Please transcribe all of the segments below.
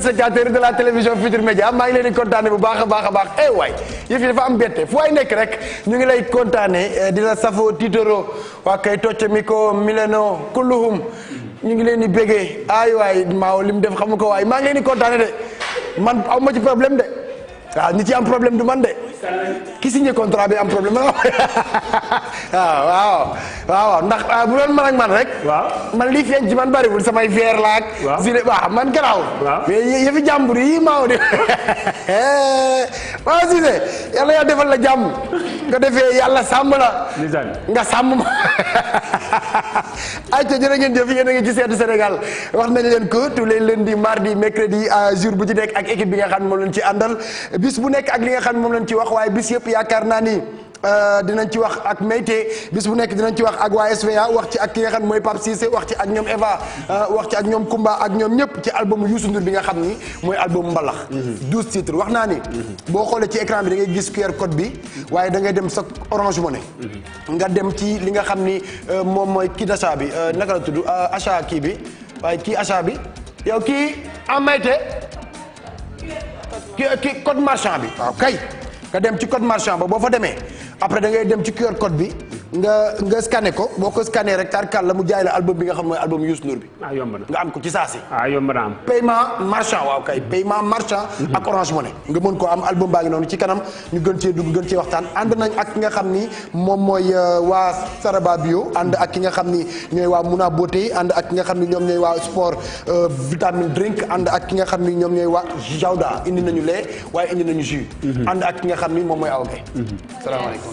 téléspectateurs de la télévision Futur Média maa ngi leen di kontaane bu baax a baax a baax eh waay yëf yi dafa am bette fu waay nekk rek ñu ngi lay kontaane eh, dina la safoo tiitoro waa kay tocc mi ko mileno ñu ngi leen di bégee ay waay maaw li mu def xamu ko waay maa ngi leen de man aw ma ci problème de waaw ñi ci am problème du man de ki signé contrat bi am problème la waaw ah, waaw waaw ndax ah, bu doon man ak man rek. waaw man lii feeñ ci man bariwul samay veer laak. waaw su waaw man garaawul. waaw mais yëfi jàmbur yi maa ngi. waaw Cissé yàlla yaa defal la jàmm. nga defee yàlla sàmm la. nga sàmm ma. ayca jërë ngeen jëf yéen a ngi ci seetu Sénégal wax nañ leen que tous les lundis mardi mercredi jour bu ci nekk ak équipe bi nga xam ne moom lañ ci àndal bis bu nekk ak li nga xam ne moom lañ ci wax waaye bis yëpp yaakaar naa ni. Euh, dinañ ci wax ak Mayte bis bu nekk dinañ ci wax ak waa SVA wax ci ak ki nga xam mooy Pape Cissé wax ci ak ñoom Eva euh, wax ci ak ñoom Kumba ak ñoom ñëpp ci album Youssou Ndour bi nga xam ni mooy album mbalax mhm. douze titre wax naa ni mhm. boo xoolee ci écran bi da ngay gis QR code bi waaye dangay dem sa Orange Money mhm. nga dem ci li nga xam ni euh, moom mooy kii d'achat bi naka la tudd achat kii bi waaye kii achat bi yow kii en ah, Mayte kii code marchand bi waaw kay dem ci code marchand ba boo fa demee après da ngay dem ci QR code bi nga nga scanné ko boo ko scanné rek tarkal la mu jaay la album bi nga xam mooy album Youssou Ndour bi. ah yomb nga am ko ci saa si. ah am. paiement marchand waaw kay paiement marchand. Mhm. ak Orange Money. nga mën koo am album baa ngi noonu ci kanam ñu gën cee dugg gën cee waxtaan ànd nañ ak ki nga xam ni moom mooy euh, waa Saraba Bio ànd ak ki nga xam ni ñooy waa Muna Beauté ànd ak ki nga xam ni ñoom ñooy waa sport euh, vitamine drink ànd ak ki nga xam ni ñoom ñooy waa Jawda indi nañu lait waaye indi nañu jus. Mhm. ànd ak ki nga xam ni moom mooy aw kay.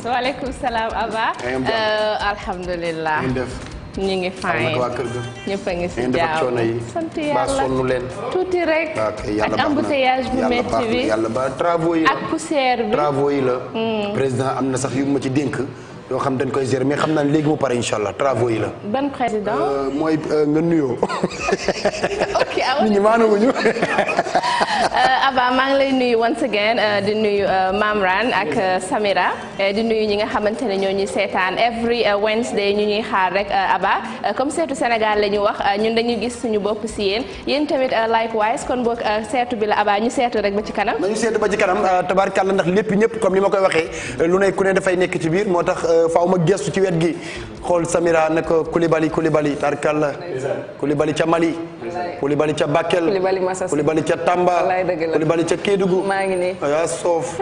waaleykum salaam Aba. Euh, alhamdulilah. ñu ngi fànn ñëpp a ngi si jaaw sant yàlla tuuti rek ak embouteillage bu métti bi yàlla ba travaux yi ak poussière bi travaux yi la. Mm. président am na sax yu ma ci dénk yoo xam dañ koy gérer mais xam naa ne léegi mu pare incha allah travaux yi la. ban président euh, mooy euh, nga nuyoo. ok nit ñi maanaam ñu. Euh, Aba maa ngi lay nuyu once again euh, di nuyu euh, Mamran ak Samira di nuyu ñi nga xamante ne ñoo ñu seetaan every Wednesday ñu ñuy xaar rek Aba comme seetu Sénégal la ñu wax ñun dañuy gis suñu bopp si yéen yéen tamit likewise kon boog seetu bi la Aba ñu seetu rek ba ci kanam. nañu seetu ba ci kanam tabaarkàlla ndax lépp ñëpp comme ni ma koy waxee lu ne ku ne dafay nekk ci biir moo tax faaw ma gestu ci wet gi xool Samira nag Koulibaly Koulibaly tarkalla Koulibaly ca Mali. Koulibaly ca Bakel Koulibaly ca Tamba Koulibaly ca Kédougou maa ngi nii yaa soof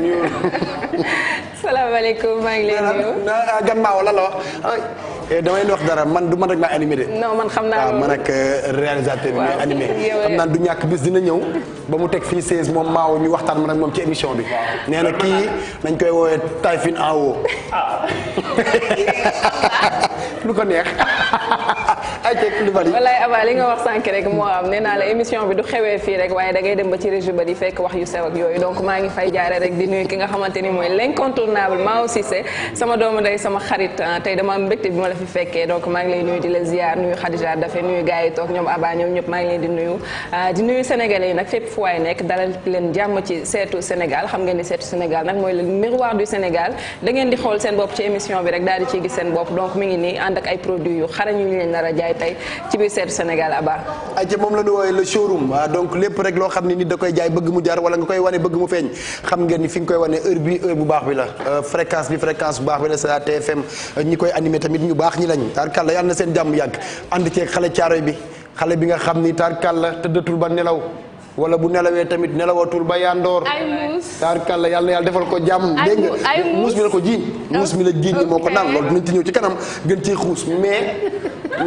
ñuul maa ngi lay nuyu gan maa wala la wax eh, damay wax dara man du man rek maa animé de non man xam naa waaw ah, man ak euh, réalisateur bi ñooy xam du ñàkk bis dina ñëw ba mu teg fii 16 moom maaw ñu waxtaan man ak moom ci émission bi nee na kii nañ koy woowee Typhine en ah. lu ko neex ayca lu bari. wallaay Aba li nga wax sànq rek moo am nee naa la émission bi du xewee fii rek waaye da ngay dem ba ci région ba di fekk wax yu sew ak yooyu donc maa ngi fay jaare rek di nuyu ki nga xamante ni mooy ah, maa ngi lay nuyu di la ziar nuyu Khadija Dafe nuyu gars leen ah, xam ngeen ni seetu Sénégal nag mooy le miroir du Sénégal da ngeen di xool seen bopp ci émission bi rek daal di ciy gis seen bopp donc mi ngi nii ànd ak ay produits yu xarañ yu leen nar a jaay jaay tey ci biir seetu Sénégal Aba. ayca moom la ñu woowee le showroom ah, donc lépp rek loo xam ne nit da koy jaay bëgg mu jaar wala nga koy wane bëgg mu feeñ xam ngeen ni fi nga koy wane heure bi heure bu baax bi la euh, fréquence bi fréquence bu baax bi la c'est la TFM ñi koy animé tamit ñu baax ñi lañ tarkalla yàlla na seen jàmm yàgg ànd ceeg xale caaroy bi xale bi nga xam ni la tëddatul ba nelaw wala bu nelawee tamit nelawatul ba yandoor ay muus yàlla yàlla defal ko jàmm dégg nga muus mi la ko jiiñ muus mi la jiiñ ni moo ko daan loolu dinañ ñëw ci kanam gën ci xuus mais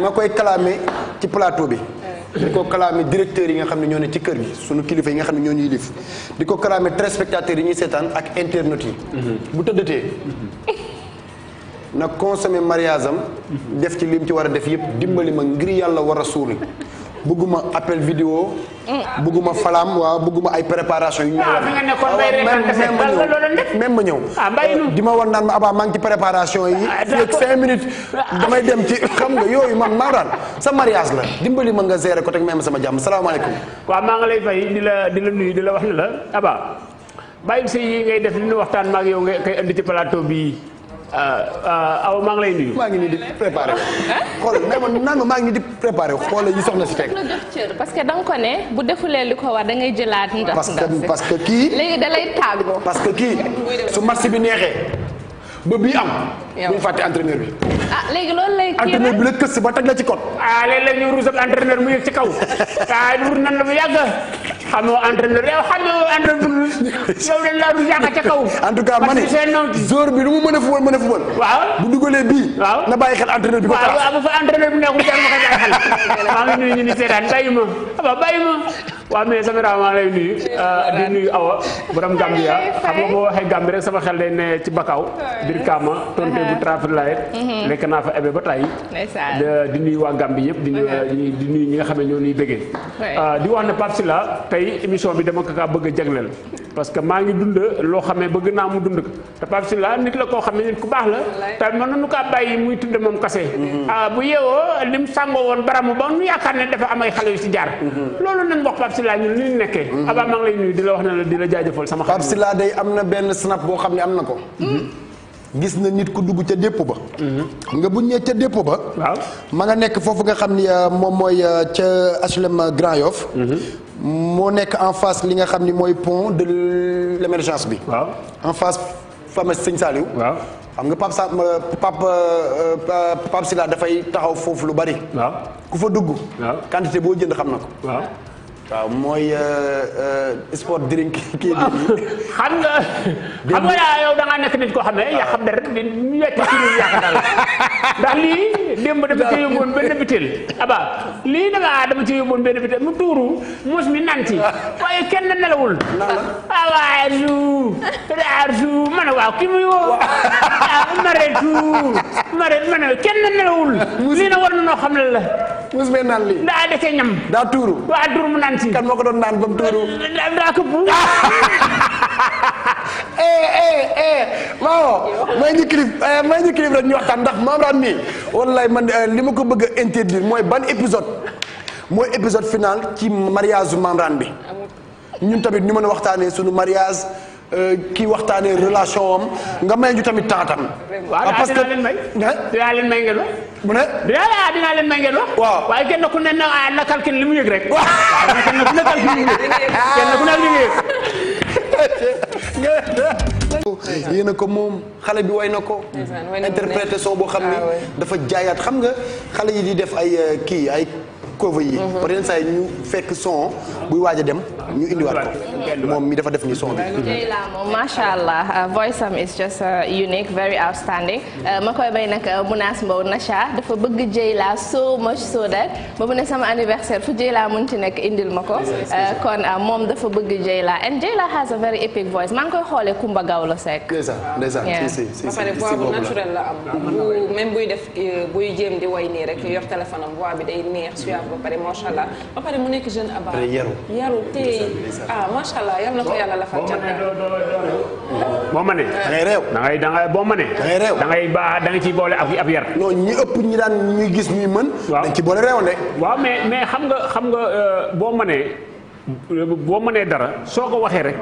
ma koy kalaame ci plateau bi di ko kalaame directeur yi nga xam ne ñoo ne ci kër gi suñu kilifa yi nga xam ne ñoo ñuy lif di ko kalaame téléspectateurs yi ñuy seetaan ak internautes yi mm-hmm. bu tëddatee mm-hmm. na consommé mariage am mm-hmm. def ci lim ci war a def yëpp dimbali ma ngir yàlla war a suuri bëgguma appel vidéo. bëgguma falaam waaw bëgguma ay préparation yu ñu. waaw ah, fi nga ah, ma ñëw. ah euh, di ma war naan ma abaa maa ngi ci préparation yi. Ah, fii ak cinq minutes damay dem ci xam nga yooyu man maa daan sa la dimbali ma nga gérer ko teg même sama jàmm salaamaaleykum. waaw maa lay fay di la di la nuyu di la wax ne la abaa bàyyi si yi ngay def li waxtaan ma ak yow ngay koy andi ci palaato bii Euh, euh, aw maa lay lay nuyu. maa ngi nii di préparé wu. xool mais man naan maa ngi nii di préparé xool xoolal yi soxna si fekk. parce que da ko ne bu defulee li ko war da ngay jëlaat ndax. parce que parce que kii. léegi da lay tàggoo. parce que kii su marché bi neexee ba bii am. yow ñu fàtte entraîneur bi. ah léegi loolu lay kii entraîneur bi la kës ba teg la ci code. ah léeg-léeg ñu ruus mu yëg ci kaw ah ruus nan la bu yàgg xamoo entraîneur yow xamoo entraîneur yow dañ laa ma ne jour bi lu mu mën a fubal mën a fubal. waaw bu dugalee bii. waaw na bàyyi xel entraîneur bi. ko tax waaw bu fa bi nekkul jar ma koy bàyyi xel. maa ngi nuyu ñu ni seetaan bàyyi ma waaw ma. waaw mais Samira maa lay nuyu ah, di nuyu Awa xam nga boo waxee Gambie rek sama xel day ne ci Bakaw Birkama tonte bu trafic laayet mhm. lekk naa fa ebe ba tàyyi di nuyu waa Gambie yëpp di nuyu di nuyu ñi nga xam ne ñoo nuy bëggee ah, di wax ne Pape Sylla tey émission bi dama ko kaa bëgg a jagleel parce que maa ngi dund loo xam ne bëgg naa mu dund ko te Pape Sylla nit la koo xam ne nit ku baax la te mën nañu kaa bàyyi muy tudde moom kase mhm. ah bu yeewoo lim sàngoo woon baramu ba nu yaakaar ne dafa am xale yu si jaar mhm. loolu nañ wax Pape Sylla ñun li ñu nekkee abaa lay nuyu di la wax ne la di la jaajëfal sama xam Pape Sylla am na benn snap boo xam ne na ko gis na nit ku dugg ca dépp ba mhm. xam nga buñ nee ca dépp ba waaw ma nga nekk foofu nga xam ni euh, moom mooy euh, ca HLM Grand Yoff mhm. moo nekk en face li nga xam ni mooy pont de l'émergence bi waaw en face pharmacie Sëñ Saliou waaw xam nga Pape Sam euh, Pape Pape Sila dafay taxaw foofu lu bari waaw ku fa dugg quantité boo jënd xam na ko waaw waaw mooy euh, euh, sport drink kii bi. xam nga xam nga nit koo xam ne yaa xam ne rek di wetti ci biir yàq daal ndax lii démb benn bitel aba lii da ngaa dama ci yóbboon benn bitel mu tuuru muus mi nanti waaye kenn nelawul. ah waaye suuf daal suuf ma ne waaw ki muy woo ah mare suuf mare ma ne kenn nelawul. lii na war na noo xam ne muus mee naan lii daa dese ñam daa tuuru waa naan si moo ko doon naan ba mu tuuru daa këpp eh, eh, eh, maawo may ñu clip may ñu clip ñu waxtaan ndax Mame Rane mii wallaay man li ma ko bëgg a interdire mooy ban épisode mooy épisode final ci mariage su Mame bi ñun tamit ñu mën a waxtaanee suñu mariage Euh, kii waxtaanee relation am nga may ñu tamit temps tam. waaw ah, parce que dinaa leen may ngeen wax. mu ne. dinaa dinaa leen may ngeen wax. waaw waaye kenn ku ne na ah na li mu yëg rek. waaw kenn ne calcul li mu yëg yëg. yéen ko moom xale bi way na ko. interprétation boo xam ne ah, dafa jaayaat xam nga xale yi di def ay euh, kii ay. cover yi. peut être saa yi ñu fekk son buy waaj dem ñu indiwaat ko moom mi dafa def ni son bi. moom macha allah voice am is just unique very outstanding ma koy bay nag Mounass Mbow Nacha dafa bëgg Dieyla so much so that ba mu ne sama anniversaire fu Dieyla mun ci nekk indil ma ko kon moom dafa bëgg Dieyla and Dieyla has a very epic voice maa ngi koy xoolee Kumba Gawlo Seck. ndeysaan si si si voix bu naturel buy jéem di way nii rek yor téléphone am voix bi day neex ba pare macha allah ba pare mu nekk jeune Abba. yaru yaru te ah macha allah yal na ko yàlla la fal jàmm. boo ma ne da ngay réew da ngay da boo ma ne da ngay réew da ngay ba ciy boole ab ab yar. non ñi ëpp ñi daan ñuy gis ñuy mën. waaw dañ ci boole réew de. waaw mais mais xam nga xam nga euh, boo ma ne boo mënee dara soo ko waxee rek.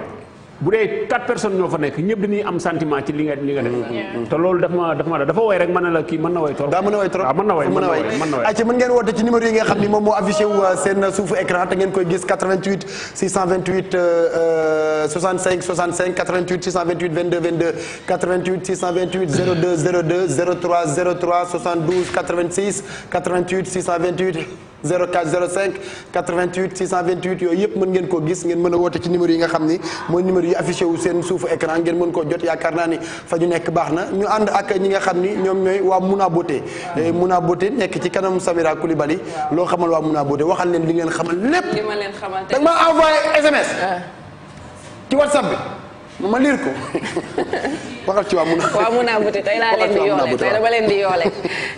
bu dee quatre personnes ñoo fa nekk ñëpp dañuy am sentiment ci li nga li nga def. te loolu daf ma daf ma dafa woy rek mën la kii mën na trop. daa mën na trop mën na woy mën na woy mën na ngeen woote ci numéro yi nga xam ni moom moo affiché euh, seen suufu écran te ngeen koy gis 88 628 65 65 88 628 22 22 88 628 02 02 03 03 72 86 88 628. 04 05 88 628 yooyu yëpp mën ngeen koo gis ngeen mën a woote ci numéro yi nga xam ni mooy numéro yi affiché wu seen suufu écran ngeen mën koo jot yaakaar naa ni fa ñu nekk baax na ñu ànd ak ñi nga xam ni ñoom ñooy waa Mouna Beauté eh, Mouna Beauté nekk ci kanam Samira Koulibaly loo xamal waa Mouna Beauté waxal leen li ngeen xamal lépp. li ma leen xamal tey da nga ma envoyé SMS. Ah. ci WhatsApp bi. ma liir ko waxal ci waa mun a. waaw mun a buti tey laa leen di yoole tey dama leen di yoole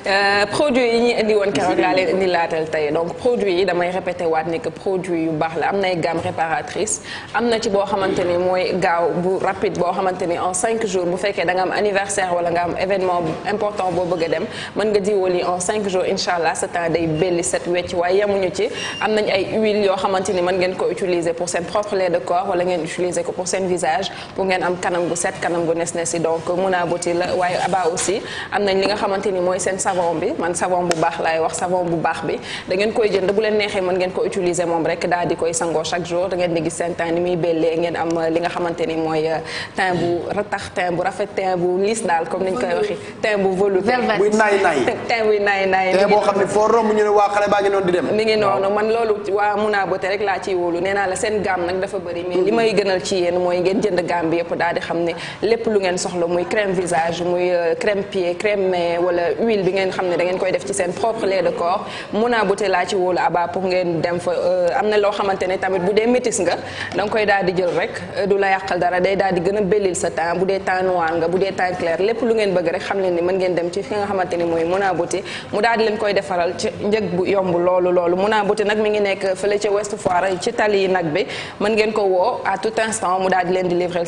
euh, produit yi ñu indi woon keroog laa leen indi laatal tey donc produit yi damay répété waat ni que produit yu baax la am nay gamme réparatrice am na ci boo xamante ni mooy gaaw bu rapide boo xamante ni en cinq jours bu fekkee da nga am anniversaire wala nga am événement important boo bëgg a dem mën nga diwoo lii en cinq jours incha allah sa temps day belli set wecc waaye yemuñu ci am nañ ay huiles yoo xamante ni mën ngeen ko utiliser pour seen propre lait de ngeen utiliser ko pour seen visage. pour ngeen am kanam gu set kanam gu nes nes yi donc Mouna Beauty la waaye Aba aussi am nañ li nga xamante ni mooy seen savon bi man savon bu baax laay wax savon bu baax bi da ngeen koy jënd bu leen neexee mën ngeen ko utiliser moom rek daal di koy sangoo chaque jour da ngeen di gis seen teint ni muy bellee ngeen euh, xamante ni mooy euh, teint bu bu rafet teint bu lisse comme niñ koy waxi teint bu velouté buy naay naay teint boo xam ne foo romb ñu ne waa xale baa ngi noonu di dem mi ngi noonu man loolu waa Mouna Beauty rek laa ciy wóolu nee naa la seen gamme nag dafa bëri mais mm-hmm. li may gënal ci yéen mooy ngeen jënd gamme Gambie yëpp daal di xam ne lépp lu ngeen soxla muy crème visage muy euh, crème pied crème main wala huile bi ngeen xam ne da koy def ci seen propre lait de corps mun a laa ci wóolu aba pour ngeen dem fa euh, am na loo xamante ne tamit bu dee métis nga da koy daal jël rek euh, du la yàqal dara day daal di gën a sa teint bu dee teint noir nga bu dee teint clair lépp lu ngeen bëgg rek xam leen ni mën ngeen dem ci fi nga xamante ni mooy mun a mu daal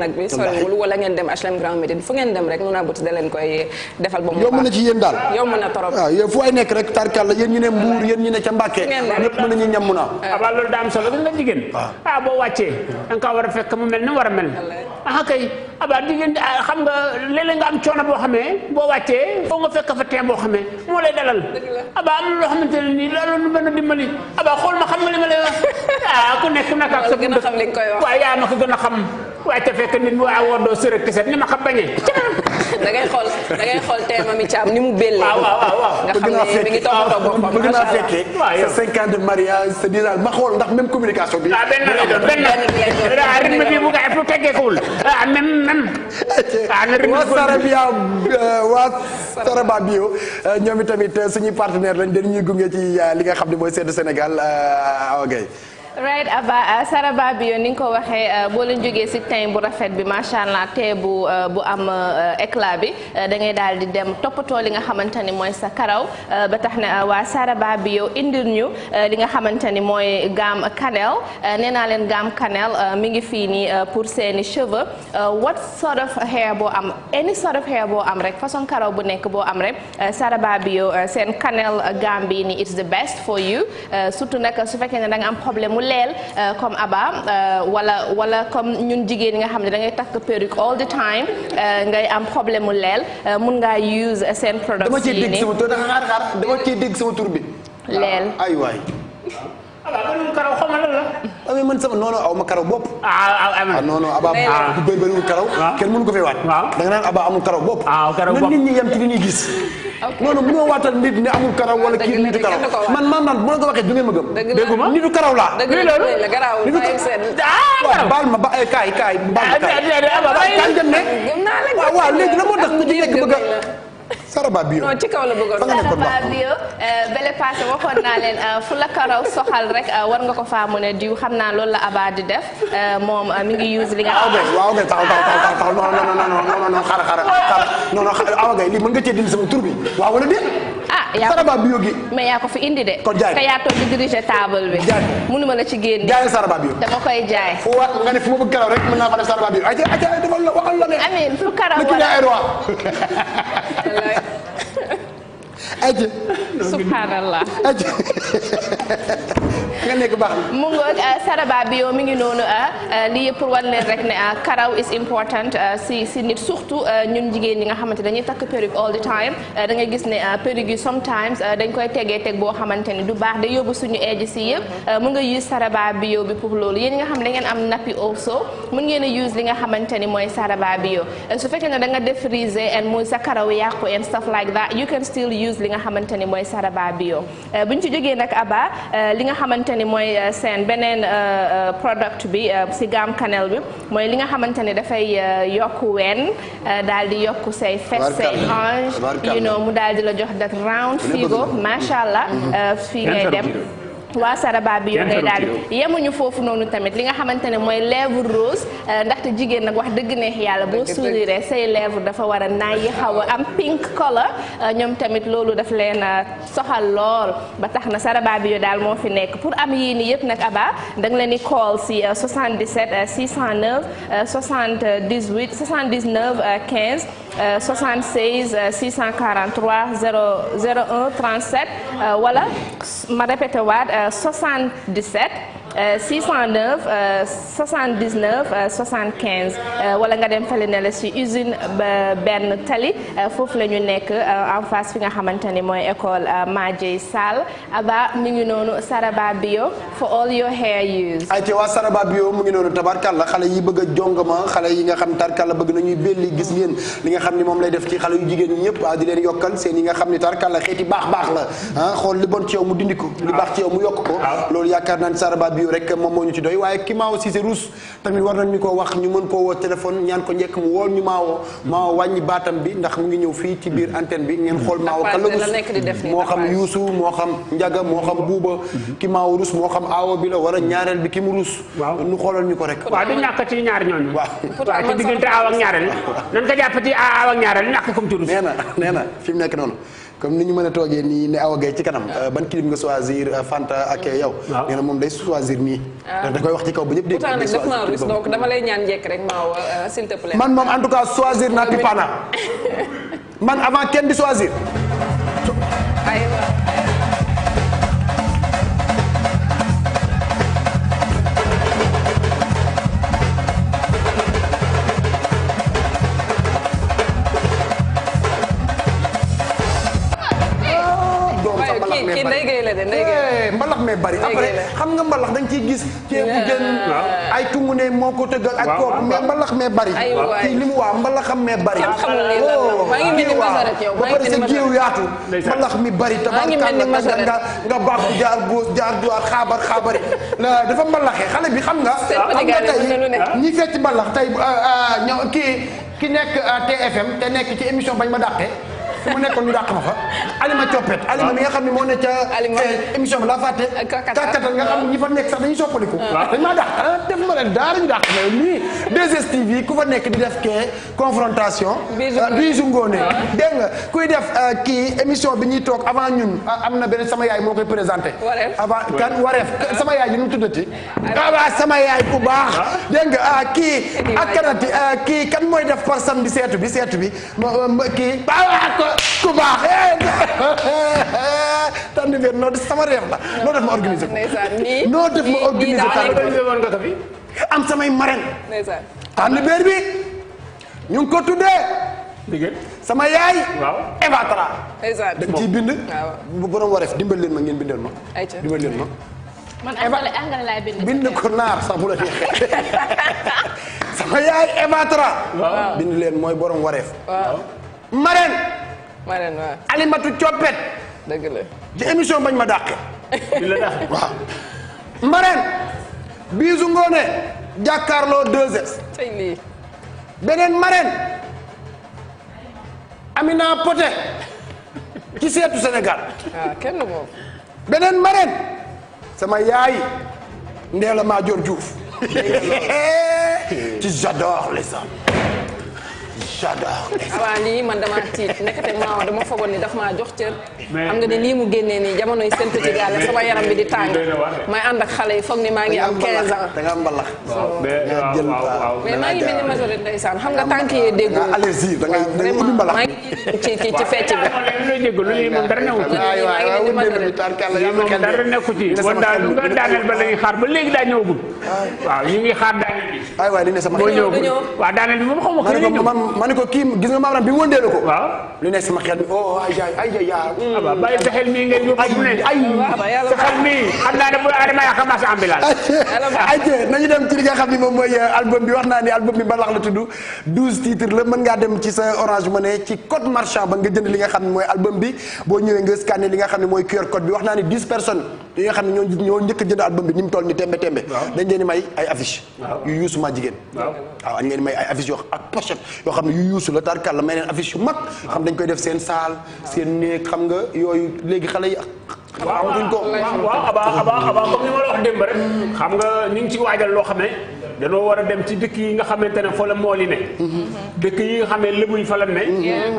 nag bi soriwul wala ngeen dem HLM Grand Médine fu ngeen dem rek nu a buti da leen koy defal ba mu yomb yow fu ay nekk rek tarkalla yéen ñu eh. ah, a mu mel ni war a ah, ah, xam nga léeg-léeg nga am coono na loo xamante ne nii a nekk ku yaa ma ko gën a xam waaye fekk nekk nit mu awoor doo sërëg ni ma ko bañee. da ngay xool da ngay xool tey mami Thiam ni mu bellee. nga xam ne ngi toppatoo boppam bëgg naa fekkee sa cinq sa dix ans ma xool bi. ah benn lay ah, ah, ah, euh, doon euh, euh, suñuy partenaire lañ dañuy gunge ci li nga xam ne mooy sedd Sénégal Awa right Aba uh, Saraba bi yoon ni nga ko waxee uh, boo leen jógee si teint bu rafet bi macha allah tee bu uh, bu am éclat bi da ngay daal di dem toppatoo li nga xamante ni mooy sa karaw ba tax na waa Saraba bi yow indil ñu li nga xamante ni mooy gamme cannelle nee naa leen gamme mi ngi fii nii pour seeni cheveux what sort of boo am any sort boo am rek façon karaw bu nekk boo am rek Saraba bi yow seen cannelle gamme bi nii it's the best for you surtout nag su fekkee ne da am problème leel euh, comme Abba euh, wala wala comme ñun jigéen yi nga xam ne da ngay takk perruque all the time euh, ngay am problème mu leel mun ngaa use seen product yi dama ciy dégg sama tur dama ciy dégg sama bi leel ah, voilà ah, bëriwul karaw xaw ma lan la. amee ah, man sama non non aw ma karaw bopp. ah ah, ah non non Aba bu karaw. da nga naan Aba amul karaw bopp. ah karaw bopp nit ñi yem ci li ñuy gis. non non mënoo waatal nit ne amul karaw wala kii nitu karaw man maam naan bu la ko waxee du ma gëm. nitu karaw laa. dëgg la dëgg la garaaw nitu baal ma ba eh, kaay kaay baal ma kaay. kaay dem ne. waaw léegi la moo tax ku ci nekk Saraba Bio non ci kaw la bëggoon Saraba Bio euh, bele passé waxoon naa leen euh, fu la karaw soxal rek euh, war nga ko faa mën a diw xam naa loolu la Aba di def moom mi ngi use li nga. waaw kay waaw kay taxaw taxaw taxaw taxaw non non non non non xaaral xaaral non non xaaral awa kay lii mën nga cee dindi sama tur bi waaw wala déet. ah yaa saraba bio gi. mais yaa ko fi indi de. kon jaay ka yaa di diriger table bi. jaay la ci génne. jaay saraba bio dama koy jaay. fu wa nga ne fu karaw rek mën naa fa def saraba bio ayca ayca defal la waxal la ne. amiin fu karaw wala li aja subhanallah aja nga nekk baax mu ngoog euh, saraba bi yow mi ngi noonu euh, euh, lii yëpp pour wan leen rek ne karaw is important si si nit surtout ñun jigéen ñi nga xamante dañuy takk perruque all the time da gis ne perruque yi sometimes dañ koy tegee teg boo xamante ni du baax day yóbbu suñu eeji si yëpp mu nga use saraba bi yow bi pour loolu yéen nga xam ne da ngeen am nappi also mun ngeen a use li nga xamante ni mooy saraba bi yow su fekkee ne da def frisé and muy sa karaw yàqu and stuff li nga xamante ni mooy Saraba bio euh, bu ñu ci jógee nag Aba euh, li nga xamante ni mooy euh, seen beneen product bi si gaam kanel bi mooy li nga xamante ni dafay yokk ween daal di yokk say fesses say hanches you know mu daal di la jox dak round figo macha allah fii ngay dem waa saraba bi yoo ngay daal yemuñu foofu noonu tamit li nga xamante ne mooy lèvre rose euh, ndaxte jigéen nag wax dëgg neex yàlla boo sourire say lèvre dafa war a naay yi xaw a am pink color euh, ñoom tamit loolu daf leen euh, soxal lool ba tax na saraba bi daal moo fi nekk pour am yii nii yëpp nag aba da nga leen di call si 77 609 78 79 quinze 76 643 0 01 37 wala ma répété waat 77 609 79 75 wala nga dem fële ne la si usine benn tali euh, foofu la ñu nekk euh, en face fi nga xamante ni mooy école euh, Madieye Sall Aba mi ngi noonu Saraba Bio for all your hair use. ay te waa Saraba Bio mu ngi noonu tabarkàlla xale yi bëgg a jongama xale yi nga xam tarkàlla bëgg nañuy belli gis ngeen li nga xam ni moom lay def ci xale yu jigéen ñi ñëpp ah, di leen yokkal seen yi nga xam ni tarkàlla xeeti baax baax la ah, xool li bon ci yow mu dindi ko. li baax ci mu yokk Habib rek moom moo ñu ci doy waaye ki Maawo Cissé Rousse tamit war nañu ko wax ñu mën koo woo téléphone ñaan ko njëkk mu woo ñu Maawo Maawo wàññi baatam bi ndax mu ngi ñëw fii ci biir antenne bi ngeen xool Maawo Kalabous moo xam Yuusu moo xam Njaga moo xam Buuba mhm. ki Maawo Rousse moo xam Aawo bi la war a mhm. ñaareel bi ki mu Rousse nu xoolal ñu ko rek waaw du ñàkk ci ñaar ñooñu waaw ci diggante Aaw ak ñaareel nan ñàkk comme ci Rousse nee na nee na fi nekk noonu comme ni ñu mën a toogee nii ne Awa Gueye ci kanam ah. euh, ban clip nga choisir euh, Fanta ak ah. yow. waaw nee na moom day choisir nii. waaw ah. koy wax ci kaw ba ñëpp dégg. pourtant nag daf maa rus dama lay ñaan njëkk rek euh, man moom en tout cas choisir naa Pipana man avant kenn di choisir. après eh, mbalax mee bari après xam nga mbalax da nga ciy gis ceebu jën ah. ay tungu ne moo ko tëggal ak koor mais mbalax mee bari kii li mu waa mbalaxam mee bari o oh, kii waa ba pare sa géew yaatu mbalax mi bari tabarkàlla nga nga baax jaar góos jaar duwaar xaabar xaabar dafa mbalaxe xale bi xam nga xam nga tey ñi fecc mbalax tey euh, euh, ñoo kii ki nekk euh, TFM te nekk ci émission bañ ma dàqee fu mu nekkoon ñu dàq ma fa. Alima Coppet Alima mi nga xam ne moo ne ca. Alima émission bi laa fàtte. kàkkatal nga xam ne ñi fa nekk sax dañuy soppaliku. Ah. waaw dañ maa dàq ah def ma leen daara ñu dàq ma yow nii. 2STV ku fa nekk def ah, ah. euh, kii émission bi ñuy toog avant ñun am na benn sama yaay moo koy présenté. avant kan wareef sama yaay ji nu mu tuddati. ah sama yaay bu baax. dégg nga ah kii ak kanati kii kan mooy def par samedi seetu bi seetu bi kii. ku baax tànn biir noo def sama réew la noo def ma organiser ko. noo def ma organiser tànn biir am samay marraines. tànn bi ñu ngi ko tuddee. sama yaay. waaw Eva Tra. bind. bu borom wareef dimbali leen ma ngeen bindal ma. dimbali leen man angale laay bind. leen mooy borom wareef. waaw marraine waaw Alimatu Coppet. dëgg ci émission bañ ma dàqee. di la biisu ngoone. jàkkaarloo 2S. tey lii. beneen marraine. Amina Poté. ci seetu Sénégal. waaw ah, kenn moom. beneen marraine. sama yaay. Ndéla Madior Diouf. ci j'adore les j'adore. waaw lii man damaa tiit nekkate maawa dama foogoon ni daf maa jox cër. xam nga ni lii mu génnee nii jamonoy synthétique yàlla sama yaram bi di tàng. may ànd ak xale yi foog ni maa ngi am 15 ans. da nga mbalax mais maa ngi mel ni majorité ndeysaan xam nga tànk yee déggoo. allergie da ngay da ngay mbalax maa ngi ci ci ci fecc bi. dara nekku ci bon daal lu nga daaneel ba dañuy xaar ba léegi daa ñëwagul waaw ñu ma ne ko kii gis nga maanaam bi mu wëndeelu ko. lu ne sama xel mi ah, xam naa ne bu Adama yaa commencé ambulance. nañu dem ci li nga xam ni moom mooy euh, album bi wax naa ni album bi mbalax ba nga jënd li nga xam ne mooy album bi boo ñëwee nga scanné li nga xam ne mooy QR code bi wax naa ni dix personnes yi nga xam ne ñoo njëkk a jënd album bi ni toll ni tembe tembe dañ leen di may ay affiche yu Youssou ma jigéen waaw dañ leen di may ay affiche yoo ak pochette xam ne yu yuusu la tarkal la may leen affiche yu mag xam dañ koy def seen saal seen néeg xam nga yooyu léegi xale yi amatuñ ko waaw abaa abaa abaa comme ni rek xam nga ñu ngi ci waajal loo xam ne danoo war a dem ci dëkk yi nga xamante ne foo la mool yi ne dëkk yi nga xam ne lëbuñ fa la ne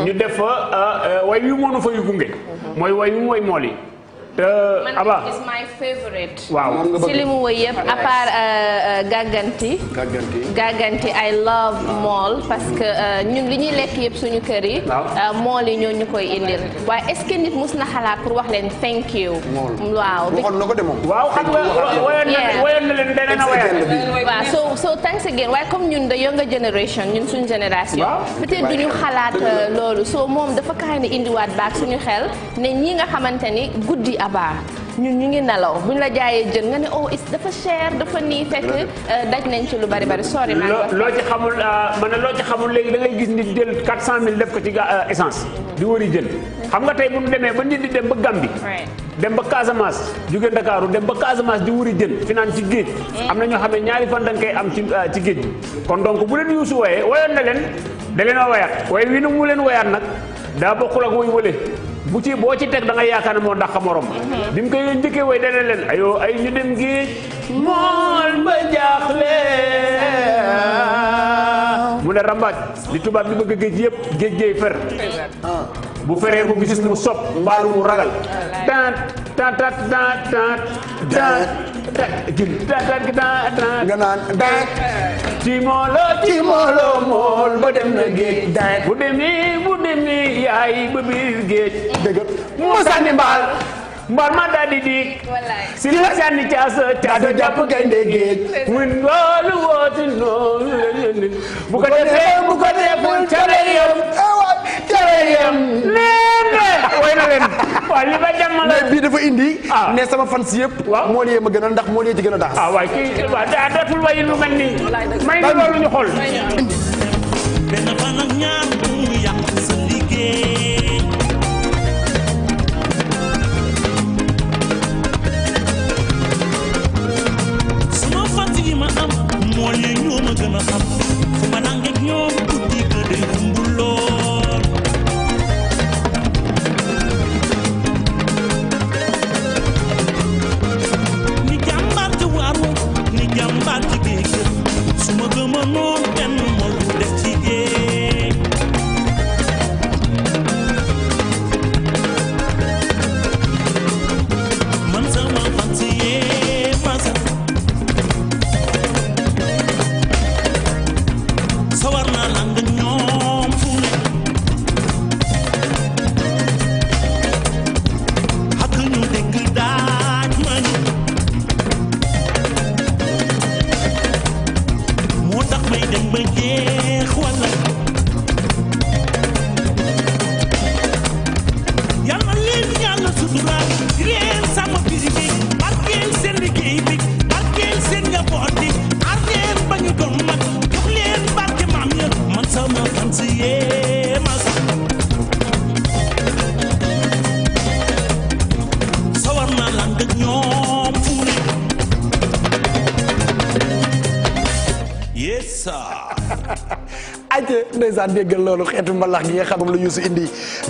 ñu def fa ah, ah, way wi moonu fa yu gunge mm-hmm. mooy way wi mooy mool yi Euh, te si li mu woy yëpp a part euh, euh, gàgganti. gàgganti gàgganti I love mool parce que ñun li ñuy lekk yëpp suñu kër yi. mool yi ñoo ñu koy indil. waaye est ce que nit mus na xalaat pour wax leen thank you. waaw waxoon na ko de moom. waaw xam nga woyoon na leen so thanks again waaye comme ñun de younger generation ñun suñu génération. peut être duñu xalaat loolu so moom dafa kaay ne indiwaat baak suñu xel ne ñi nga xamante ni guddi Abba ñun ñu ngi nelaw buñ la jaayee jën nga ne oh dafa cher dafa nii fekk euh, daj nañ ci lu bari bari sori. maa ngi loo ci xamul euh, ma ne loo ci xamul léegi da ngay gis nit jël 400000 def ko ci euh, essence. di wëri jën. xam nga tey bu ñu demee ba nit di dem ba Gambie. dem ba Casamance jóge Ndakaaru dem ba Casamance di wuri jën fi naan ci géej mm. am na ñoo xam ne ñaari fan dañ koy am ci ci géej bi kon donc bu leen yuusu wooyee woyoon na leen da leen a woyaat waaye wi nu mu leen woyaat nag daa bokkul ak woy wële bu ci boo ci teg da nga yaakaar ne moo ndax morom mhm. bi mu koy njëkkee way dana leen ayoo ay ñu dem géej mool ba jaaxle mu ne rambaaj li tubaab bi bëgg a géej yëpp géej géej fer bu feree ko gis mu sopp mbaalu mu ragal tant tant tant tant tant nga naan tant timolo timolo mool ba dem na géej bu demee bu demee yaay ba biir géej dëgg mu sànni mbaal mbar ma daal di dig. si la sànni caasa caasa jàpp gaynde géej. mun loolu woote noonu la bu ko defee bu ko deful ca lay na leen dafa indi. Ah. ne sama fan si yëpp. waaw moo lee ma gën a ndax moo lee ci gën a daas. ah waay kii waaw daa dootul wayi lu mel nii. may ni loolu ñu xool. mooy ñoo ma gën a xam fu ma nangeeg ñoom guddi ga day ça. ayca ndeysaan déggal loolu xeetu mbalax gi nga xam moom la Youssou indi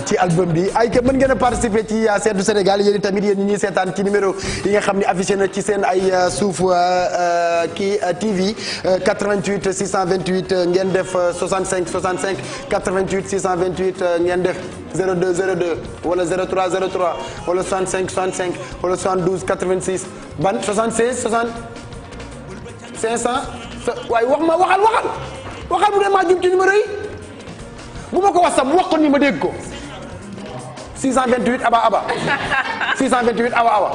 ci album bi ayca mën ngeen a participer ci euh, seetu Sénégal yéen tamit yéen ñi ñuy seetaan ci numéro yi nga xam ne affiché na ci seen ay euh, suuf euh, kii TV 88 628 ngeen def 65 65 88 628 ngeen def 02 02 wala 03 03 wala 65 65 wala 72 86 ban 76 60 500. waaye wax ma waxal waxal waxal mu ne ma jum ci numéro yi bu ma ko whatsapp wax ko ni ma dégg ko 628 aba aba 628 awa awa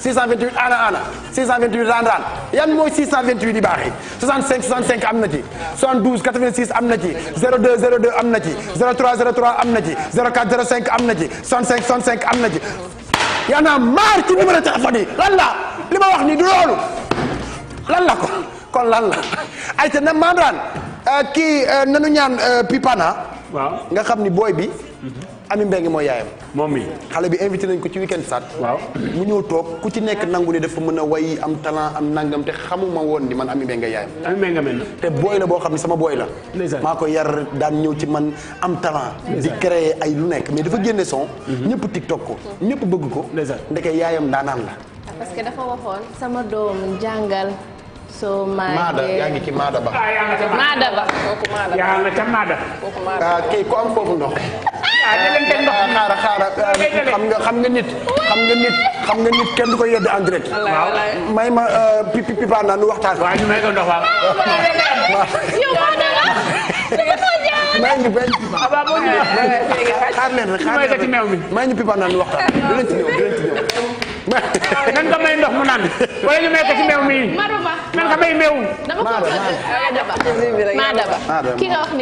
628 ana ana 628 raan raan yan mooy 628 yi baax yi 65 65 am na ci 72 86 am na ci 02 02 am na ci 03 03 am na ci 04 05 am na ci 65 am na ci yaa naa maar ci numéro téléphone yi lan la li ma wax ni du loolu lan la ko kon lan la ay te na mandran euh, kii euh, nanu ñaan euh, Pipana. waaw nga xam ni booy bi. Mhm. Ami Mbengue mooy yaayam. moom mi xale bi invité nañ ko ci weekend sat waaw mu ñëw toog ku ci nekk nangu ne dafa mën a way am talent am nangam te xamuma woon ni man Ami Mbengue yaayam. Ami Mbengue mel te booy la boo xam ne sama booy la. maa ko yar daan ñëw ci man am talent. di créer ay lu nekk mais dafa génne son. Mhm. ñëpp tiktok ko ñëpp bëgg ko. ndeke yaayam daanaan la. parce dafa waxoon sama doom jàngal. so Maada yaa ngi ci Maada Ba. ah yaa nga ca Maada Ba. kooku Maada Ba yaa nga ca Maada. kooku Maada Ba ah, kii ku am foofu ndox. ah dinañ teg ndox mi ah, xaaral xaaral xam nga xam nga nit. xam nga nit xam nga nit kenn du ko yedd en direct. waaw may ma euh, pipi pipa naa nu waxtaan. waaw ñu may ko ndox waaw. yow Maada Ba. maa ngi benn pipa. ah boo ñëwee xaar leen rek xaar leen rek maa ngi pipa naa nu waxtaan dinañ ci ñëw dinañ ci ñëw. nan nga may mu nan nga may meew dama ko daba ki nga wax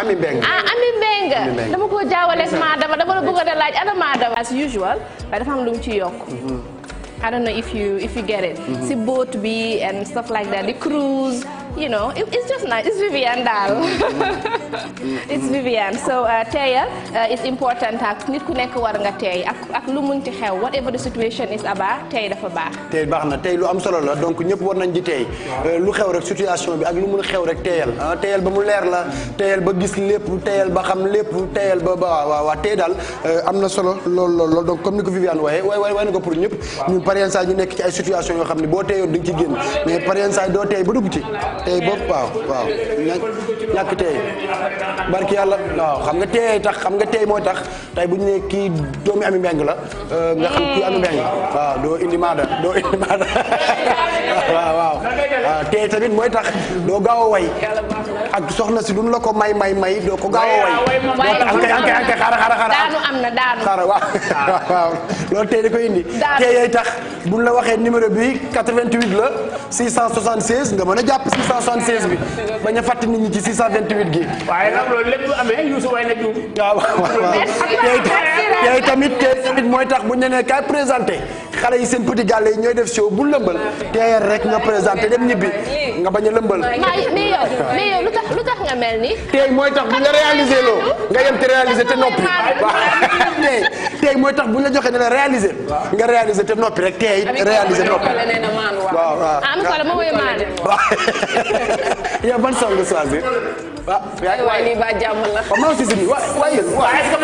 ami mbeng ah ko jaawale ak maa daba dama la bëgg a laaj ana daba as usual waaye dafa am lu ci yokk mhm. I don't know if you get it. Mm boat bi and stuff like that the cruise you know it's just nice it's Viviane daal. Mhm. it's Viviane so uh, teeya uh, it's important ak nit ku nekk war nga teey ak ak lu munti xew whatever the situation is aba teey dafa baax teey baax na teey lu am solo la donc ñëpp war nañ di teey euh, lu xew rek situation bi ak lu mun xew rek teeyal ah, teeyal ba mu leer la teeyal ba gis lépp teeyal ba xam lépp teeyal ba ba waaw waaw teey euh, am na solo lool lool lool donc comme ni ko Viviane waaye waay waay na ko pour ñëpp ñun par exemple saa ñu nekk ci ay situation yoo xam ne boo teeyoon dañ ci génn mais par exemple saa doo t ba barki yàlla waaw xam nga teey tax xam nga teey mooy tax tey bu ñu ne kii doomi ami mbeng la euh, nga xam kii ami mbeng waaw doo indi maada doo indi tamit mooy tax doo gaaw a way ak soxna si duñ la ko may may may doo ko gaaw a way ankay ankay na indi teey tax buñ la waxee numéro bi 88 la 676 nga mën a jàpp 676 bi bañ a fàtte nit ñi ci 628 gi waaye nag loolu lépp lu amee Youssou way na Diouf. waaw waaw waaw tey tamit tey tamit mooy tax bu ñu nee kaay présenté. xale yi seen petit gàlle yi ñooy def show bu lëmbal teer rek nga présenté dem ñibbi nga bañ a lëmbal. mais yow yow lu tax lu tax nga mel ni. tey mooy tax bu ñu la réalisé loo nga yem te te noppi tey tey mooy tax bu ñu joxee ne la réalisé nga noppi rek tey réalisé noppi waaw waaw. Ah, yow ban song choisir. waaw yaa ngi waaye waaye waaye.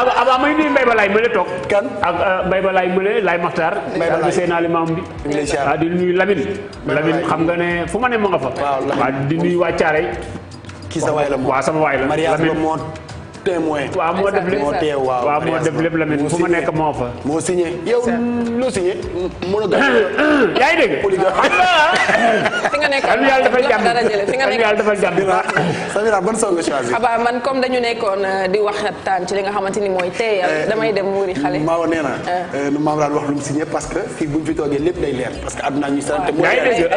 ab ab ab may nuyu Mbaye Balaye Mbale toog. kan ak euh, Mbaye Balaye Mbale laay Maxtaar. Mbaye Balaye seen alimaam bi. Ah, di nuyu Lamine. Lamine xam nga ne fu ma ne ma nga fa. waaw di nuyu waa Thiaré. kii sa waay la moom waaw sama waay la Lamine. témoin waaw moo def lépp moo teew fu ma nekk moo fa moo signé yow loo signé monogame yaa ngi dégg fi nga nekk yàlla dafay jàmm fi nga nekk yàlla dafay jàmm Samira ban song nga choisir aba man euh, li nga xamante ni mooy teeyal euh, damay dem muuri xale maaw nee na euh. nu maam wax lu mu parce que fii buñ fi toogee lépp day leer parce que àdduna ñu sant mooy yaa ngi dégg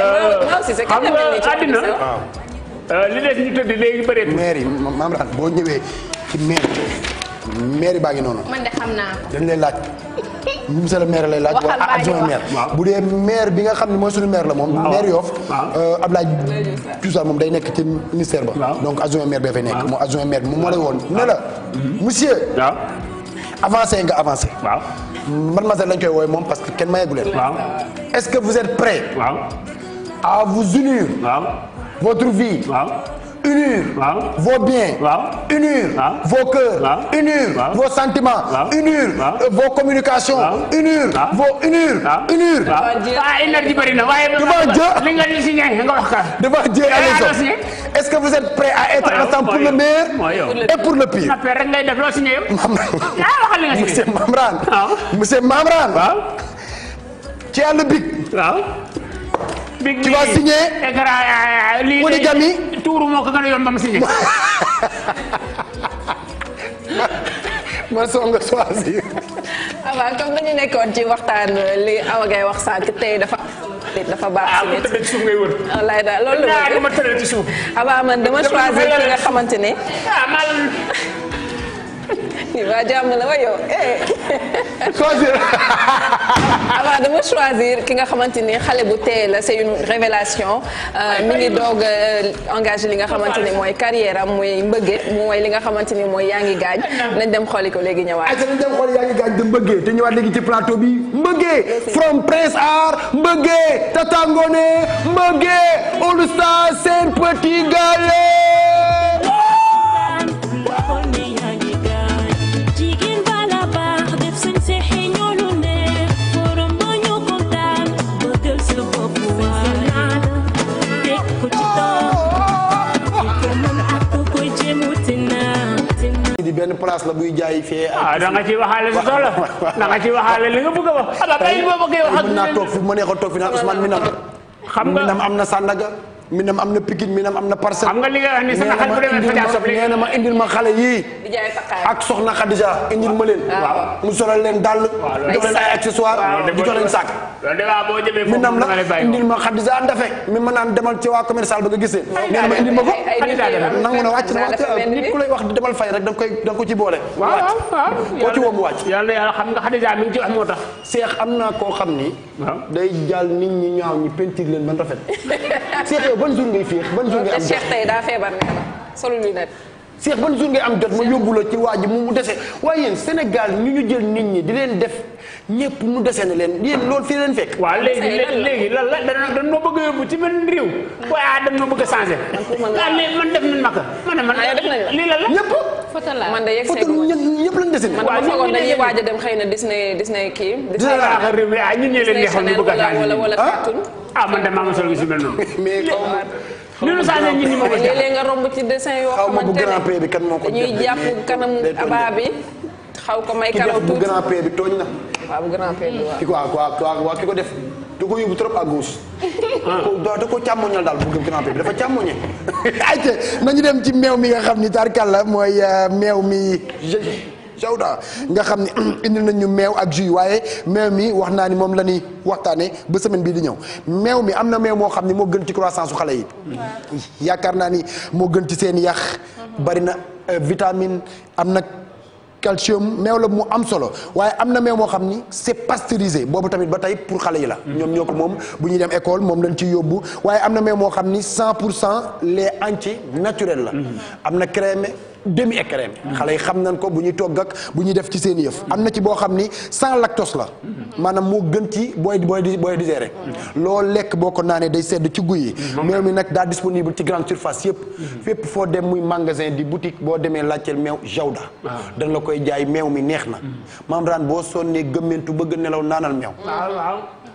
xam nga li des ñu tëdd léegi bëreetul maire yi boo ñëwee ci maire maire baa ngi noonu. man de xam naa ko. dañ lay laaj. monsieur le maire lay laaj. wala adjoint maire bu dee maire bi nga xam ne mooy suñu maire la moom. waaw maire Yoff. Euh, moom day nekk ci ministère ba. donc adjoint maire bee fay nekk. moom adjoint maire bi moom moo lay woon. ne la monsieur. waaw avancé nga avancé. waaw mademoiselle lañ koy wooye moom parce que kenn mayeegu leen. waaw est-ce que vous êtes prêt. à vous unir. votre vie. unir vos biens unir vos cœurs unir vos sentiments unir vos communications unir vos unir unir devant Dieu devant Dieu est-ce que vous êtes prêts à être ensemble pour le meilleur et pour le pire ah, monsieur Mamran monsieur Mamran tu le bic tu vas signer. polygami euh, tuuru moo ko gën a yomb ba mu signé. man soo nga choisir. waaw ah comme dañu nekkoon ci waxtaan euh, li Awa Gaye wax sànq tey dafa. dafa baax si nit ah suuf ngay wër. wallaay daal loolu la. dama ci suuf. abaa ah man dama choisir ki nga xamante ne. Ah, ni ba jàmm la wa yow eh. dama choisir ki nga xamante ni xale bu tey la c'est une révélation euh, mi ngi doog euh, engagé li nga xamante ni mooy carrière am muy mbëgge mooy li nga xamante ni mooy yaa ngi gaañ nañ dem xooli ko léegi ñëwaat. ayca nañ dem xooli yaa ngi gaañ de mbëgge te ñëwaat léegi ci plateau bi mbëgge from Prince Art mbëgge Tata mbëgge All Star Sen benn place la buy jaay fee. ah da nga ci waxaale si soxla da nga ci waxaale li nga bëgg a wax. ah ba kay boo bëggee wax naa toog fi mu neexoon toog fi naan Ousmane mi nam. am na Sandaga. mi nam am na Pikine am na Parcelles. xam nga li nga wax ni sama ma indil ma xale yii. ak soxna Khadija indil ma leen. waaw mu solal leen dàll. waaw jox leen ay accessoires. di jox leen sàkk. mi ma Khadija Ndafe mi ma naan demal ci waa commercial ba nga gisee. nee na ma indil ma ko. nangu na wàcc da koy da ko ci boole. waaw waaw koo ci woo xam nga Khadija mi ngi ci wax moo tax. Seex am naa koo xam ni. day jàll nit ñi ñaaw ñi peinture leen ban rafet ban jour ngay féex ban jour ngay am jot Cheikh tey daa feebar solo lu net Cheikh ban jour ngay am jot ma yóbbu la ci waa ji mu mu dese waaye yéen Sénégal ñu ñu jël nit ñi di leen def ñëpp mu desene leen yéen loolu fii leen fekk. waaw léegi léegi lan la dañu ma bëgg a yóbbu ci benn réew. waaye ah dañu ma bëgg a changé. man def nañu ma ko. man ah, la la man de yegg seegul woon fotal ñëpp lañu desene. waaw ñëpp lañu dañuy waaj a dem xëy na Disney Disney kii. Disney la réew mi ah ñun ñoo leen neexoon ñu bëgg a changé wala ah. Ah, de maa ma bu si mel noonu. mais li ko léeg-léeg nga romb ci dessin dañuy jàpp kanam abaa bi xaw ko may karaw tuuti ki def bu grand père bi tooñ na waaw bu grand père bi waaw. ki ko waaw waaw ki ko def da ko yóbbu trop à doo da ko càmmoñal daal bu grand bi dafa càmmoñe. ayca nañu dem ci meew mi nga xam ni tarkalla mooy meew mi. Jawda nga xam ni indil nañu meew ak jus waaye meew mi wax naa ni moom la ñuy waxtaanee ba semaine bii di ñëw meew mi am na meew moo xam ni moo gën ci croissance su xale yi. yaakaar naa ni moo gën ci seen yax. Mm-hmm. bari na euh, vitamine am na. calcium meew la mu am solo waaye am na mais moo xam ni c'est pasteurisé boobu tamit ba tey pour xale yi la mm-hmm. ñoom ñoo ko moom bu ñuy dem école moom lañu ci yóbbu waaye am na meew moo xam ni cent pour cent lait entier naturel la mm-hmm. am na crème demi écran xale yi xam nañ ko bu ñuy togg ak bu ñuy def ci seen yëf am na ci boo xam ni sans lactose la maanaam moo gën ci booy booy booy digéré loolu lekk boo ko naanee day sedd ci guy yi meew mi nag daa disponible ci grande surface yëpp fépp foo dem muy magasin di boutique boo demee laajteel meew jawda dana la koy jaay meew mi neex na maam boo sonnee gëmmentu bëgg nelaw naanal meew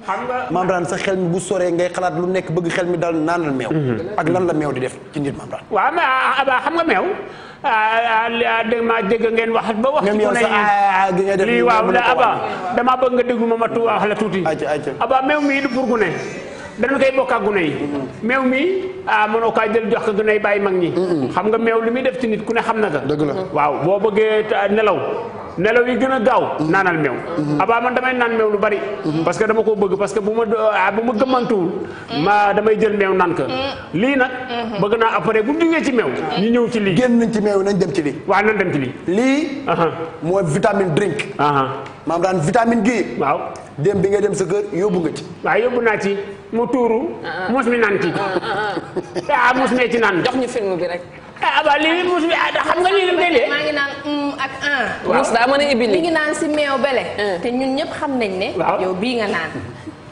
xam nga maam daan sa xel mi bu soree ngay xalaat lu nekk bëgg xel mi daal naan la meew. Mhm. ak lan la meew di def ci nit maam daan. waaw mais ah, ah, xam nga meew. Ah, dégg maa dégg ngeen wax ba wax. même yow sax lii waaw damaa bëgg nga ma ma wax tuuti. Aba meew mii du pour gune dañu koy bokk yi. Mhm. meew mi ah mënoo jël jox ko bàyyi mag ñi. Mhm. xam meew li muy def ci nit ku ne xam na ko. dëgg la waaw boo bëggee nelaw. nelaw yi gën a gaaw mm-hmm. naanal meew mm-hmm. abaa man damay naan meew lu bari mm-hmm. parce que dama koo bëgg parce que bu ma ah, bu ma gëmmantuwul ma damay jël meew naan ko lii nag bëgg naa après bu jógee ci meew ñu ñëw ci lii génn nañ ci meew nañ dem ci lii waaw nañ dem ci lii lii uh-huh. mooy vitamine drink uh-huh. maam daan vitamine gii waaw dem bi nga dem sa kër yóbbu nga ci waaw yóbbu naa ci mu tuuru uh-huh. mos mi naan ci ah mos mee ci naan jox ñu film bi rek ah waaw léegi muus bi ah xam nga lii ni mu déggee. maa ngi naan un ak un. waaw muus daa mën a ibbi li ngi naan si meew bele. te ñun ñëpp xam nañ ne. yow bii nga naan.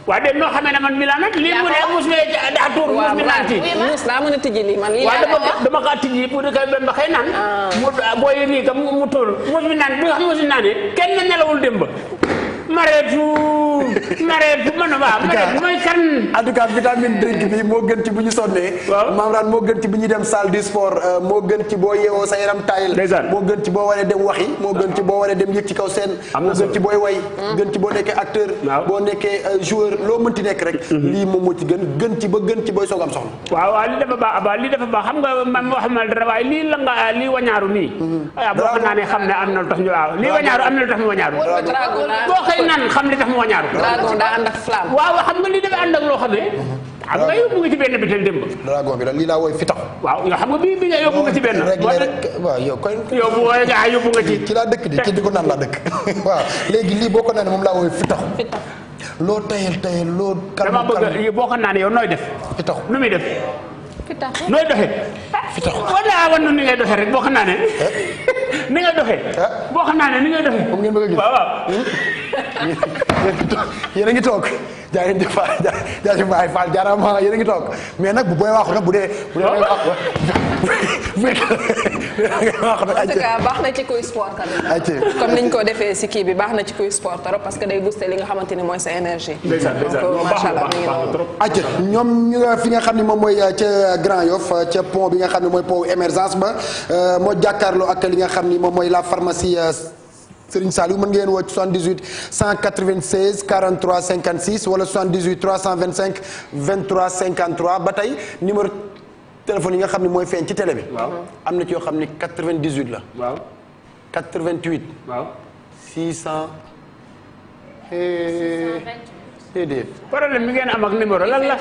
waaw de noo xamee ne man mi laa nag lii mu ne muus bi daa tuur muus bi naan ci. muus daa mën a tijji lii man lii laa dama dama kaa tijji pour que ba ba xëy naan. Ah. mu booy yi nii que mu tuur muus bi naan bi nga xam muus bi naan kenn nelawul démb mareetu mareetu man waaw mareetu mooy kan. en tout cas vitamine drink bi moo gën ci bu ñu sonnee. waaw maam raan moo gën ci bu ñuy dem salle du sport euh, moo gën ci boo yeewoo sa yaram taayil. moo gën ci boo waree dem waxi. moo gën ci boo waree dem yëg ci kaw seen. moo gën ci booy way. gën ci boo nekkee acteur. boo nekkee euh, joueur loo mënti nekk rek. Mhm. lii moom moo ci gën gën ci ba gën ci booy soog am soxla. waaw waaw li dafa baax ba li dafa baax xam nga man ma wax ma dara waaye lii la nga lii wañaaru nii. waaw boo xam naa ne xam ne am na lu tax ñu waaw lii wañaaru am na lu tax ñu wañaaru day naan xam li tax mu wañaaru dragon daa xam nga li dafa ànd ak loo xam ne am nga yóbbu nga ci benn bitel démb dragon bi la lii laa wooy fi tax waaw yoo xam nga bii bi nga yóbbu nga ci benn rek rek waaw yow koy yóbbu wooy nga yóbbu nga ci ci laa dëkk di ci di ko naan laa dëkk waaw léegi lii boo ko naanee moom laa wooy fi tax loo tayal tayal loo kalm dama bëgg boo ko naanee yow nooy def fi tax nu muy def fi nooy doxe fi tax wala wan nu ni ngay doxe rek boo ko naanee eh? ni nga doxee. Ah. boo xam naa ne ni nga doxee. waaw waaw. Hmm? yéen a ngi toog jaa ngeen jëf faal jaa ngeen waay faal jaarama ah, yéen a ngi toog mais nag bu booy waaxu nag bu dee bu dee waaxu nag. baax na ci kuy sport tamit. kon niñ ko defee si kii bi baax na ci kuy sport trop parce que day booster li nga xamante ni mooy sa énergie. donc macha allah ñoom ñu fi nga xam ne moom mooy euh, ca Grand Yoff euh, ca pont bi nga xam ne mooy pont émergence ba euh, moo jàkkaarloo ak li nga xam ni moom mooy la pharmacie. Serigne Saliou mën ngeen woo ci 78 196 43 56 wala 78 325 23 53 ba tey numéro téléphone yi nga xam ne mooy feeñ ci télé bi. waaw am na ci yoo xam ne 98 la. waaw 88. waaw 600. 628. déedéet problème bi ngeen am ak numéro lan la.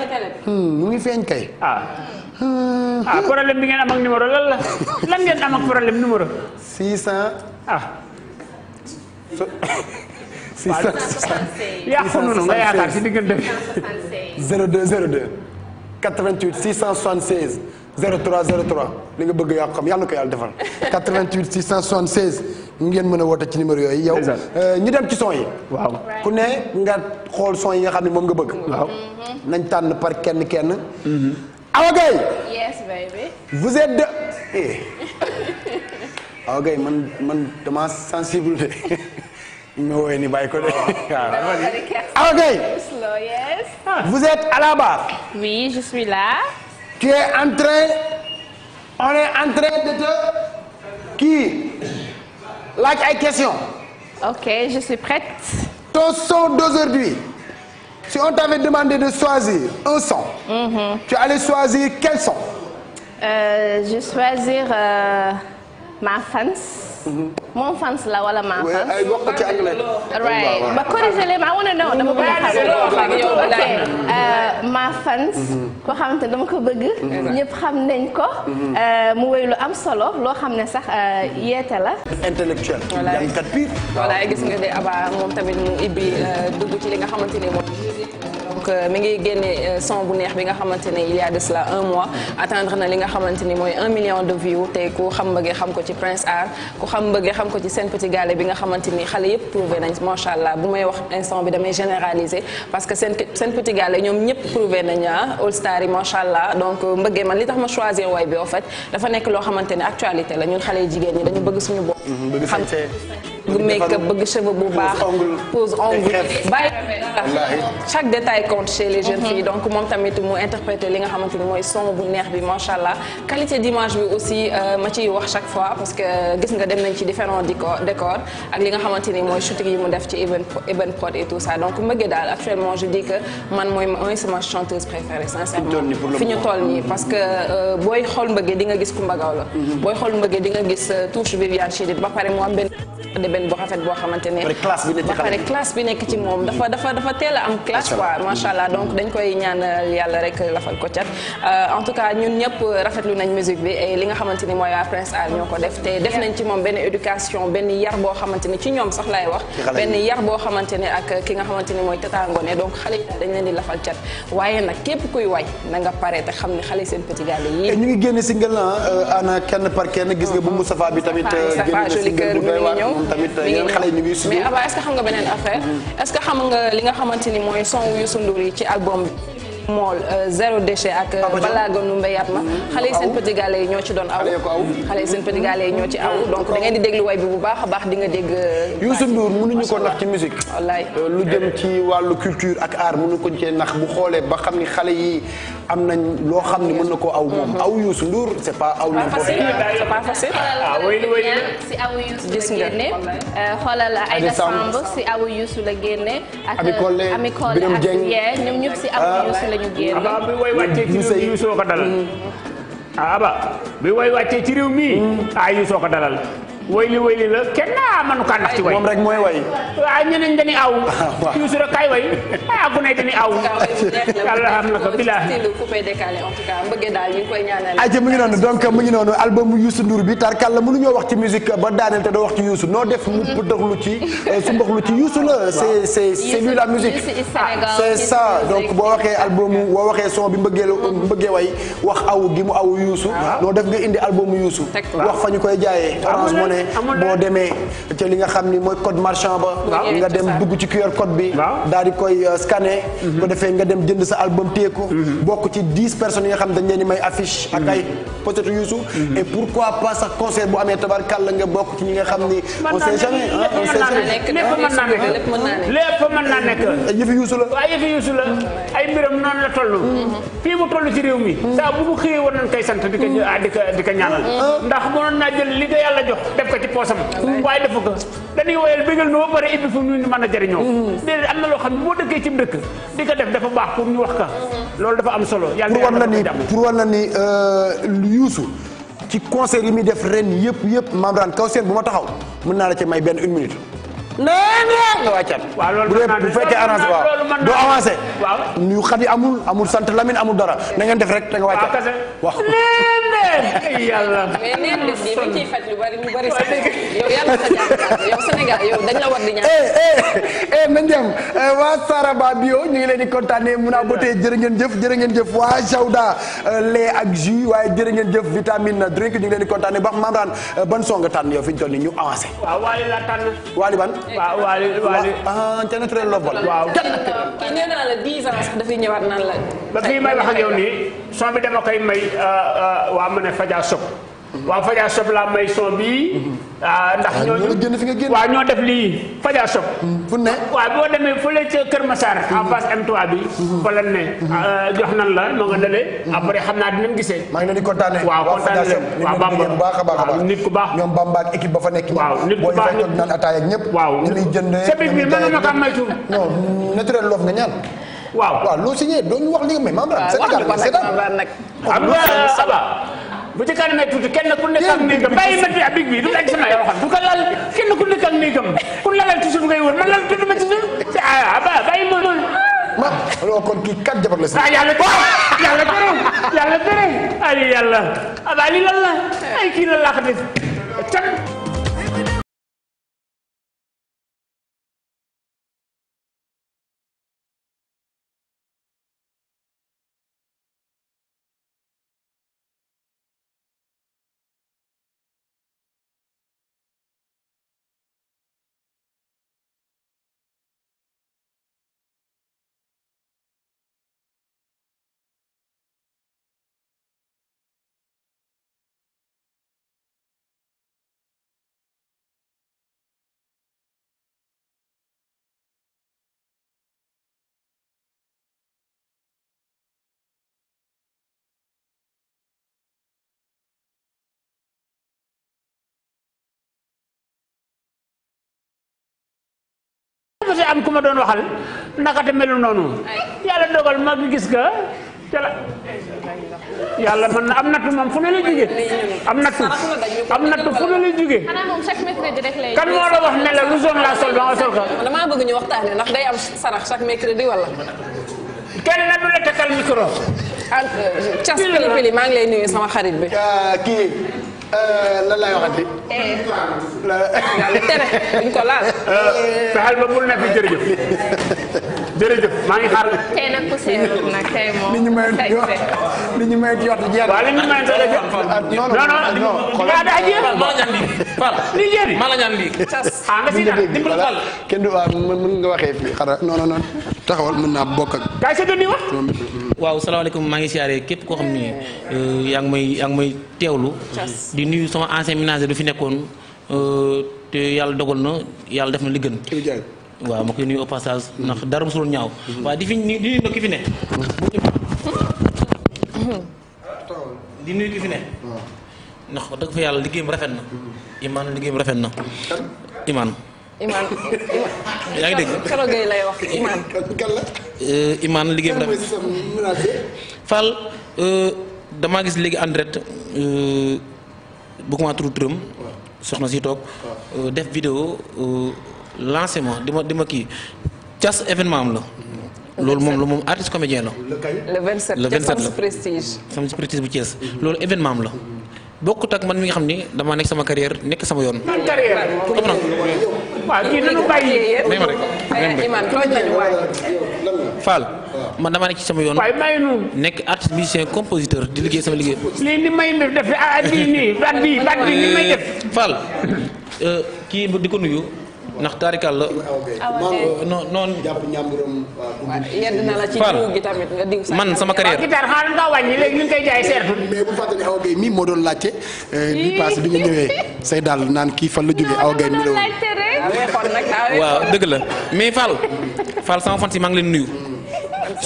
mu ngi feeñ hmm, kay. Ah. Ah, problème bi ngeen am ak numéro lan la lan ngeen am ak problème numéro. 676 yàqu nunu nga yaakaar si diggante bi. 02 02 88 676 03 li nga bëgg yaa ko xam yàlla na ko yàlla defal 88 ngeen mën a woote ci numéro yooyu. yow euh, ñu dem ci son yi. waaw ku ne nga xool son yi nga xam ne moom nga bëgg. waaw mm-hmm. nañ tànn par kenn kenn. Mm-hmm. Awa Gueye. vous êtes de. Eh. Awa man man dama sensible no way ni bàyyi ko de. waaw oh. ah, ah, ok. Ah. vous êtes à la barre. oui je suis là. tu es en train on est en train de te kii laaj ay question ok je suis prête. ton son d'aujourd'hui si on t'avait demandé de choisir un son. Mm -hmm. tu allais choisir quel son. Euh, je choisir. Euh... ma fans. mon fans la wala ma fans. ay ko ci anglais. right ba corrigé leen maa wane na dama a xam yow ok euh, ma fans. koo dama ko bëgg. Mhm. ñëpp xam nañ ko. Mhm. Euh, mu wéy lu am solo loo xam ne sax euh, yeete la. intellectuel. voilà jàngkat bi. gis nga de Aba moom tamit mu ibbi dugg ci li nga xamante moom. Euh, mi ngi génne euh, son bu neex bi nga xamante ne il y un mois atteindre na li nga xamante ni mooy un million de views tey ku xam bëggee xam ko ci Prince Art ku xam bëggee xam ko ci Sen Petit bi nga xamante ni xale yëpp prouvé nañ macha allah bu may wax instant bi damay généraliser parce que Sen Sen Petit ñoom ñëpp prouvé nañ ah all star yi macha allah donc euh, mbëggee man li tax ma choisir way bi en dafa nekk loo xamante ne actualité la ñun xale jigéen ñi dañu bëgg suñu bopp. Mm-hmm, bëgg make-up bëgg cheveux bu baax. pose ongle bàyyi chaque détail compte chez les jeunes mhm. filles donc moom tamit mu interpréter li nga xamante ni mooy son bu neex bi macha allah qualité d'image bi aussi euh, ma ci wax chaque fois parce que euh, gis nga dem nañ ci différents décors ak li nga xamante ni mooy shooting yi mu def ci Eben Prod et tout ça donc mbëggee daal actuellement je dis que man mooy mooy sama chanteuse préférée sincèrement fi ñu toll nii parce que euh, booy xool mbëggee di nga gis Coumba Gawlo la mhm. booy nga gis touche doxalin bu rafet boo xamante ba pare classe bi nekk ci moom dafa dafa dafa a am classe quoi macha allah donc dañ koy ñaanal yàlla rek lafal ko cat euh, en tout cas ñun ñëpp rafetlu nañ musique bi li nga xamante ni mooy waa Prince Art ñoo ko def te def nañ ci moom benn éducation benn yar boo xamante ci ñoom sax laay wax benn yar boo xamante ne ak ki nga xamante ni mooy tataangone donc xale dañ leen di lafal cat waaye nag képp kuy way na nga pare te xam ne xale seen petit gallé tamit euh, yeneen xale yi ñu ngi mais Abba est-ce que xam nga beneen affaire mm-hmm. est-ce que xam nga li nga xamante ni mooy son Youssou Ndour yi ci album bi mool euh, zéro déchet ak euh, balaago nu mbay ma mm-hmm. xale yi seen petit yi ñoo ci doon aw xale yi seen petit yi ñoo ci aw mm-hmm. donc da ngeen di déglu way bi bu baax a baax di nga dégg euh, Youssou Ndour mënuñu ko nax ci musique wallaay lu jëm ci wàllu culture ak art mënu ko cee nax bu xoolee ba xam ni xale yi am na loo xam ni mën na ko aw moom mm-hmm. aw Youssou Ndour c'est pas aw n'importe qui c'est pas ah, la génne xoolal Aïda Samb aw Youssou la génne ak Ami Collé Biram Dieng ñoom ñëpp si aw ah. ñu génn mm. aba bi way wàccee ci réew mi mm. soo ko dalal aba ci réew mi ay yu soo ko dalal wayli wayli la kenn naa mënu kaa nax ci way moom rek mooy way waaw ñeneen dañuy aw ah, Youssou rek kay way ah ku ne dañuy aw yàlla xam na ko bilaa aja mu ngi noonu donc mu ngi noonu album Youssou Ndour bi tarkal la ñoo wax ci musique ba daaneel te doo wax ci Youssou noo def mu mm-hmm. pëddaxlu ci eh, su mbaxlu ci Youssou la c'est c'est c'est lui la musique ah, c'est ça donc boo waxee album boo waxee son bi mbëggee la mm-hmm. mbëggee way wax aw gi mu aw Youssou noo def nga indi album Youssou wax fa ñu koy jaayee orange money ne boo demee ca li nga xam ni mooy code marchand ba nga dem dugg ci QR code bi daal di koy euh, scanner ko mhm. defee nga dem jënd sa album téeku mhm. bokk ci dix personnes yi nga xam dañ leen di may affiche ak mhm. ay peut-être yuusu et pourquoi pas ni on sait jamais on sait jamais lépp mën naa nekk lépp mën naa nekk yëfi yuusu la waaw yëfi yuusu la ay mbiram noonu la toll fii mu toll ci réew mi saa bu mu xëyee war nañ koy sant di ko di ko ñaanal ndax mënoon naa jël li ko yàlla jox def def ko ci poosam waaye defu ko dañuy woyal bégal nu ba pare ibbi fu ñu mën a jëriñoo mm-hmm. déedéet am na loo xam ne boo dëkkee ci dëkk di ko def dafa baax pour ñu wax ka loolu dafa am solo yàlla pour wan la ni pour wan la ni euh, yuusu ci concert yi muy def ren yëpp yëpp maam daan kaw seen bu ma taxaw mun naa la ci may benn une minute nee nga waa waaw loolu bu dee bu fekkee avancé waaw doo avancé. waaw ñu xati amul amul sant lamin amul dara na def rek da waa wàccaat. Ah, waaw kese nee yàlla. yow yàlla sa dañ la war di ñaan. eh eh, eh nañ dem eh, waa Saraba Bio ñu ngi leen di kontaanee mun a botee jërë ngeen jëf jërë ngeen jëf waa Jawda eh, lait ak jus waaye jërë ngeen jëf vitamine drink ñu ngi leen di kontaanee ba xam maanaam ban son nga tànn yow fi ñu ñu avancé. waaw Waly waaw waali waali ah ca naturel la bon waaw kii nee naa la 10 ans sax dafay ñëwaat naan la ba fii may wax ak yow nii dama koy may ah, ah, waa mu ne faja sob waaw Fadia Shop la may son bii. Ah, ndax fi ñooñu waaw ñoo def lii Fadia Shop. Mm, fu ne waaw boo demee fële ca Kër Massar. en mm-hmm. face M3 bi. Mm-hmm. fa la ne. Mm-hmm. Ah, jox nan la moo nga dalee. après xam naa dinañ gisee. maa ngi leen di kontaanee. waaw kontaanee leen waaw Bamba waaw nit ku baax. ñoom Bamba ak équipe nekk. waaw nit ku baax naan ataaya ak ñëpp. waaw ñu ngi jëndee sëbiñ bi mën na ma ko maytu. non naturel loof nga ñaan. waaw waaw loo signé doo ñu wax li nga may. waaw wax nga ko nag Sénégal Sénégal. bu ci kanamee tuuti kenn ku nekk ak néegam bàyyi ma bi abig bi du daj sama yoo xam du ko lal kenn ku nekk ak néegam ku lalal ci suuf ngay wër man lal tudd ma ci suuf ah ba bàyyi ma loolu. ma alors kon kii kat jabar la si. ah yàlla tere yàlla tere yàlla tere ay yàlla ah li lan la ay kii la laax def can. am ku ma doon waxal naka te melul noonu yàlla dogal ma gis nga yàlla mën na am nattu moom fu ne la jóge am la jóge kan moo la wax ne la lu zone la sol ba nga sol ko damaa bëgg ñu waxtaane ndax day am kenn na du la tekkal micro cas euh, maa ngi lay nuyu sama xarit bi Euh, lan laay waxati. yàlla eh. euh. tere duñ ko laal. Euh, ba bul nekk jërëjëf. jërëjëf maa ngi xaar. tey nag ku seetlu ñu may li ñu may jot jeex na. waaw li ñu may jot jeex na. non non non. maa daa jeex. lii. li jeex bi maa la ñaan lii. ah nga si naan dimbali ko la. kenn du waaw mën nga waxee fii xanaa non non non taxawal mën naa bokk ak. sa dund wax. waaw salaamaaleykum maa ngi siyaare képp koo xam ni euh, yaa ngi may yaa teewlu. di nuyu sama ancien ménager du fi nekkoon euh, te yàlla dogal na yàlla def na li gën. waaw ma koy nuyu au ndax dara mosul ñaaw. Mm-hmm. waaw di fi di nuyu di nuyu ki fi ne. ndax dëgg fa yàlla liggéeyam rafet na. Mm-hmm. Imaan liggéeyam rafet na Imaan. Iman yaa ngi dégg Soro lay wax Iman. Euh, Iman liggéeyam dafa Fall euh, damaa gis léegi en direct euh, bëgguma turu turam. soxna si toog. def vidéo lancé ma di ma di ma kii cas événement am la. loolu moom la moom artiste comédien la. le 27 le la Sam's Prestige. Sam's Prestige bu Thiès mhm. loolu événement am la. Mhm. bokkut ak man mi nga xam ni damaa nekk sama carrière nekk sama yoon. man waaw kii nañu bàyyi. may ma rek Iman man damaa nekk ci sama yoon. waay may nu. nekk artiste musicien compositeur di liggéey sama liggéey. lii ni may def ah kii di ko nuyu. ndax taarikal la. Ah, euh, non non. Ah, man sama carrière. guitare xaaral nga wàññi léegi ñu ngi jaay seer. mais bu fàttali Awa Gueye mii moo doon laajte. bi euh, paase bi nga ñëwee say daal naan kii fan la jógee Awa Gueye mi waaw dëgg la mais Fall Fall sama fan si maa ngi leen nuyu.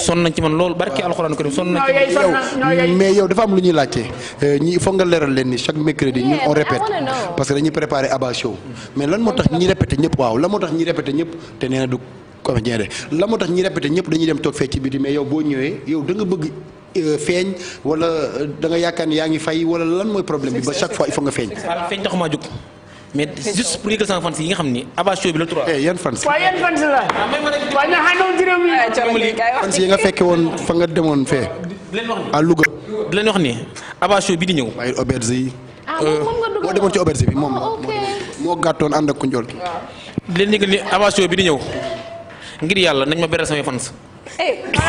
sonn nañ ci man loolu barki alxuraan karim sonn nañ ci yow mais yow dafa am lu ñuy laajte euh, ñi foog nga leeral leen ni chaque mercredi ñun on répète parce que dañuy préparer Abba show mais lan moo tax ñi répété ñëpp waaw lan moo tax ñi répété ñëpp te nee na du comédien de la moo tax ñi répété ñëpp dañuy dem toog fee ci biti mais yow boo ñëwee yow da nga bëgg euh, feeñ wala euh, da nga yaakaar ni yaa ngi fay wala lan mooy problème bi ba chaque fois il faut nga feeñ. feeñ taxumaa jóg. mais juste pour yëgal sama fans yi nga xam ni Abba Show bi la 3. Eh, yan fans la yi ah, ah, nga fekke woon fa nga demoon fee. di Louga. di leen wax ni Abba Show bi di ñëw. ay auberge yi. ah boo demoon ci auberge bi moom oh, moo gàttoon ànd ak ku njool ki. di leen yëgal ni Abba Show bi di ñëw ngir yàlla nañ ma beral samay fans. Eh, bu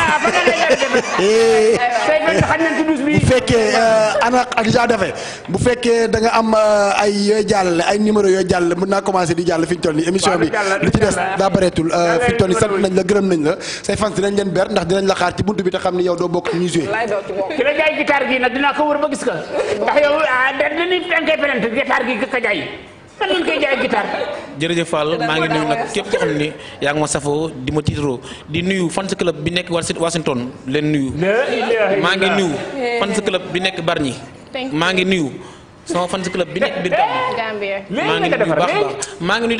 fekkee euh, ana ak ja defe bu fekkee da am euh, ay yooy jàll ay numéro yooy jàll mun naa commencé di jàll fi ñu toll émission bi li ci des daa bareetul euh, fi ñu toll nañ la gërëm nañ la say fans dinañ leen ber ndax dinañ la xaar ci bunt bi te xam ni yow doo bokk ñu joué ki jaay gitaar gi nag dinaa ko wër ba gis ka ndax yow ah, dañuy tànkee pelent gitaar gi ka jaay fan jërëjëf Fall maa ngi nuyu nag képp koo xam ne yaa ngi ma safoo di ma tiitaroo di nuyu fans club bi nekk Washington leen nuyu. maa ngi nuyu eh. fans club bi nekk Bargny maa ngi nuyu. sama fans club bi nekk biir Gambie. maa ngi nuyu bu baax maa ngi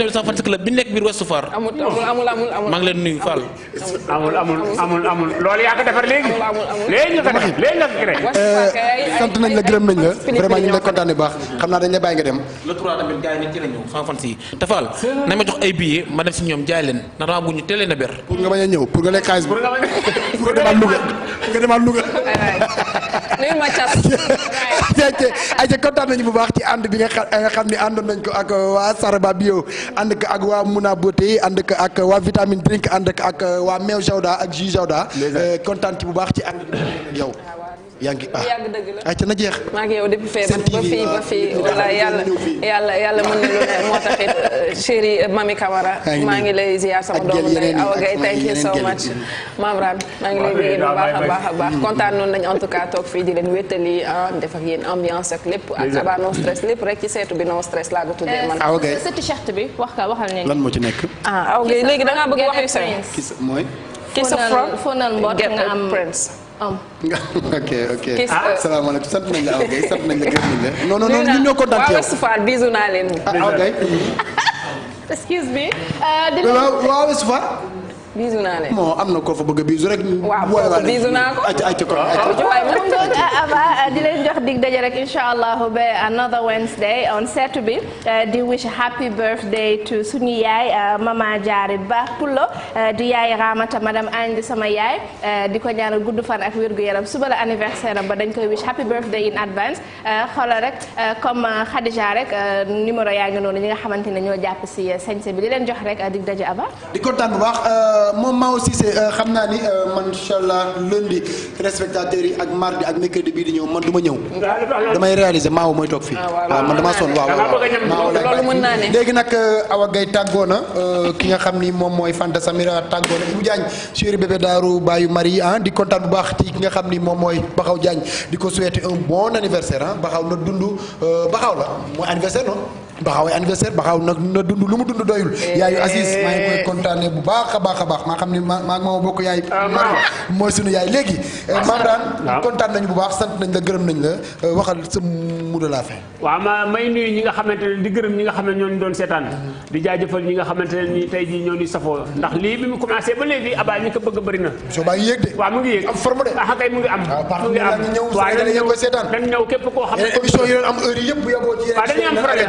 bi nekk biir Ouest Foire. amul amul amul amul maa ngi leen nuyu Fall. amul amul amul amul loolu yaa ko defar léegi. léegi nga ko def nañ la gërëm nañ la vraiment ñu ngi lay kontaan bu baax xam naa dañ la bàyyi nga dem. le trois tamit gars yi nañ ci sama fans te Fall nañ ma jox ay billets ma def si ñoom jaay leen ndax dama bu ñu te leen a ber. pour nga bañ a ñëw pour nga lekk xaalis bi. pour nga demaat Louga pour nga demaat Louga. nuyu ma cas. nañu bu baax ci ànd bi nga xam ni àndoon nañ ko ak euh, waa Saraba bio ànd ko ak waa Muna Beauté ànd ko ak euh, waa vitamine drink ànd ko ak euh, waa meew Jawda ak jus Jawda kontaan bu baax ci ànd bi yow yaa ngi ah yàgg dëgg la ayca na jeex. maa ngi yow depuis ba fii ba yàlla yàlla mën na lu ne moo taxit euh, chéri euh, mami Camara. maa ngi lay ziar sama doomu ndey Awa Gaye thank you so much. maa ngi baax a baax a mm. baax kontaan noonu nañ en tout cas toog fii di leen wéttali ah def ak yéen ambiance ak lépp ak aba non stress lépp rek ci seetu bi non stress laa ko tuddee man. Awa Gaye bi wax ka waxal nañu. lan moo ci nekk. ah léegi da bëgg wax yu sew. kii sa mooy. kii sa front am prince. Oh. am. ok ok ah salaamaaleykum sant nañ la Awa Gueye sant nañ la gërëm nañ la. non non non ñun ñoo kontaan ci yow. waaw Westphal bisu naa leen. ah Awa ah, Gueye. excuse me. Euh, waaw waaw Westphal. bisu naa leen bon am na koo fa bëgg a bisu rek. waaw kooku bisu naa ko ayca ayca kon ayca ah, ah, ah, di leen jox dig daje rek incha allah ba another Wednesday on Saturday eh, di wish happy birthday to suñu yaay eh, mama Diarry Ba Pulo eh, di yaay Ramata madame Agne sama yaay di ko ñaanal gudd fan ak wér gu yaram suba la anniversaire am ba dañ koy wish happy birthday in advance xoolal rek comme Khadija rek numéro yaa ngi noonu ñi nga xamante ne ñoo jàpp si sañse bi di leen jox rek dig daje Aba. di kontaan bu baax. Euh, moom Mao Cissé euh, xam naa ni euh, man incha allah lundi yi ak mardi ak mercredi bii di ñëw man duma ñëw. damay réaliser maaw mooy toog fii. Ah, waaw ah, man damaa sonn waaw waaw. loolu léegi nag Awa Gueye tàggoo na ki nga xam ni moom mooy Fanta Samira tàggoo na Ibou Diagne chéri bébé Daaru Bayu Marie ah di kontaan bu baax ci ki nga xam ni moom mooy Baxaw Diagne di ko souhaiter un bon anniversaire ah Baxaw na dund Baxaw la mooy anniversaire non. baxaw anniversaire baxaw nag na dund lu mu dund doyul. Eh. yaayu Aziz maa ngi koy kontaanee bu baax a baax a baax maa xam ne ma maa ma bokk yaay. Ah, mooy sunu yaay léegi. Eh, maam daan kontaan nañu bu baax sant nañ la gërëm nañ la eh, waxal sa mot de la fin. waaw ma may ñi nga xamante ne di gërëm ñi nga xam ne ñoo ñu doon seetaan. di jaajëfal ñi nga xamante ne nii tey jii ñoo ñu safoo ndax lii bi mu commencé ba léegi abaa ñi ko bëgg na. soo baa ngi yéeg de. waaw mu ngi yéeg am forme de. ah kay koo xam ne. émission yi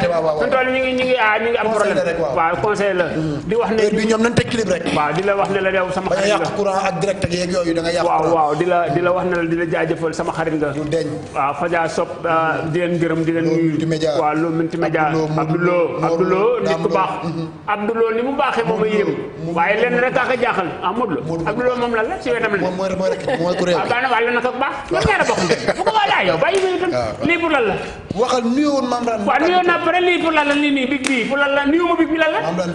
doon suñu tool ñu ngi ñu ngi ah ñu ngi am problème waaw conseil la di wax ne bi ñoom nañ teg clip rek waaw di la wax ne la yow sama xarit nga yàq courant ak direct ak yeeg yooyu da nga yàq waaw waaw di la di la wax ne la di la jaajëfal sama xarit nga waaw Fadia Sop ah, di leen gërëm di leen nuyu waaw loolu multimédia Abdoulo Abdoulo nit ku baax Abdoulo ni mu baaxee moom a yéem waaye lenn rek aka jaaxal ah Modou Lo Abdoulo moom lan la si wetam la daana waa la naka baax ñoom ñaar a bokk bu ko waa laa yow bàyyi lii pour lan la waxal nuyoon maam waaw nuyoon naa pare lii pour lan la nii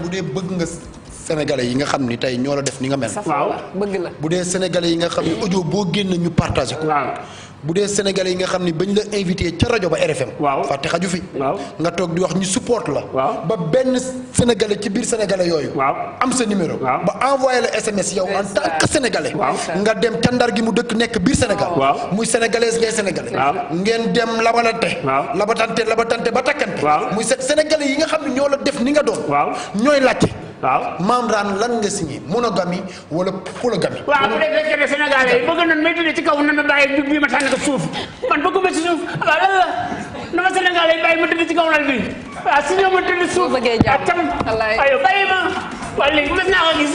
bu dee bëgg nga sénégalais yi nga xam ni tey ñoo la def ni nga mel. waaw bëgg la bu dee sénégalais yi nga xam ni audio boo génnee ñu partagé ko. bu dee sénégalais yi nga xam ni bañ la invité ca rajo ba RFM. waaw fàtte xaju fi. waaw nga toog di wax ñu support la. waaw ba benn sénégalais ci biir sénégalais yooyu. waaw am sa numéro. ba envoyé la SMS yow en tant que sénégalais. nga dem ca ndar gi mu dëkk nekk biir Sénégal. muy sénégalaise ngay sénégalais. ngeen dem labalante. labatante labatante ba takkante. muy sénégalais yi nga xam ne ñoo la def ni nga doon. ñooy laajte. waaw membrane lan nga signé monogamie wala polygamie. waaw bu dee fekkee ne Sénégalais yi bëgg nañ may tëddee ci kaw nan ma bàyyi bii ma tànn ko suuf man bëgguma ci suuf waaw lan la na ma Sénégalais yi bàyyi ma tëddee ci kaw lal bi a si ñoom ma tëddee ma wala léegi mës naa ko gis.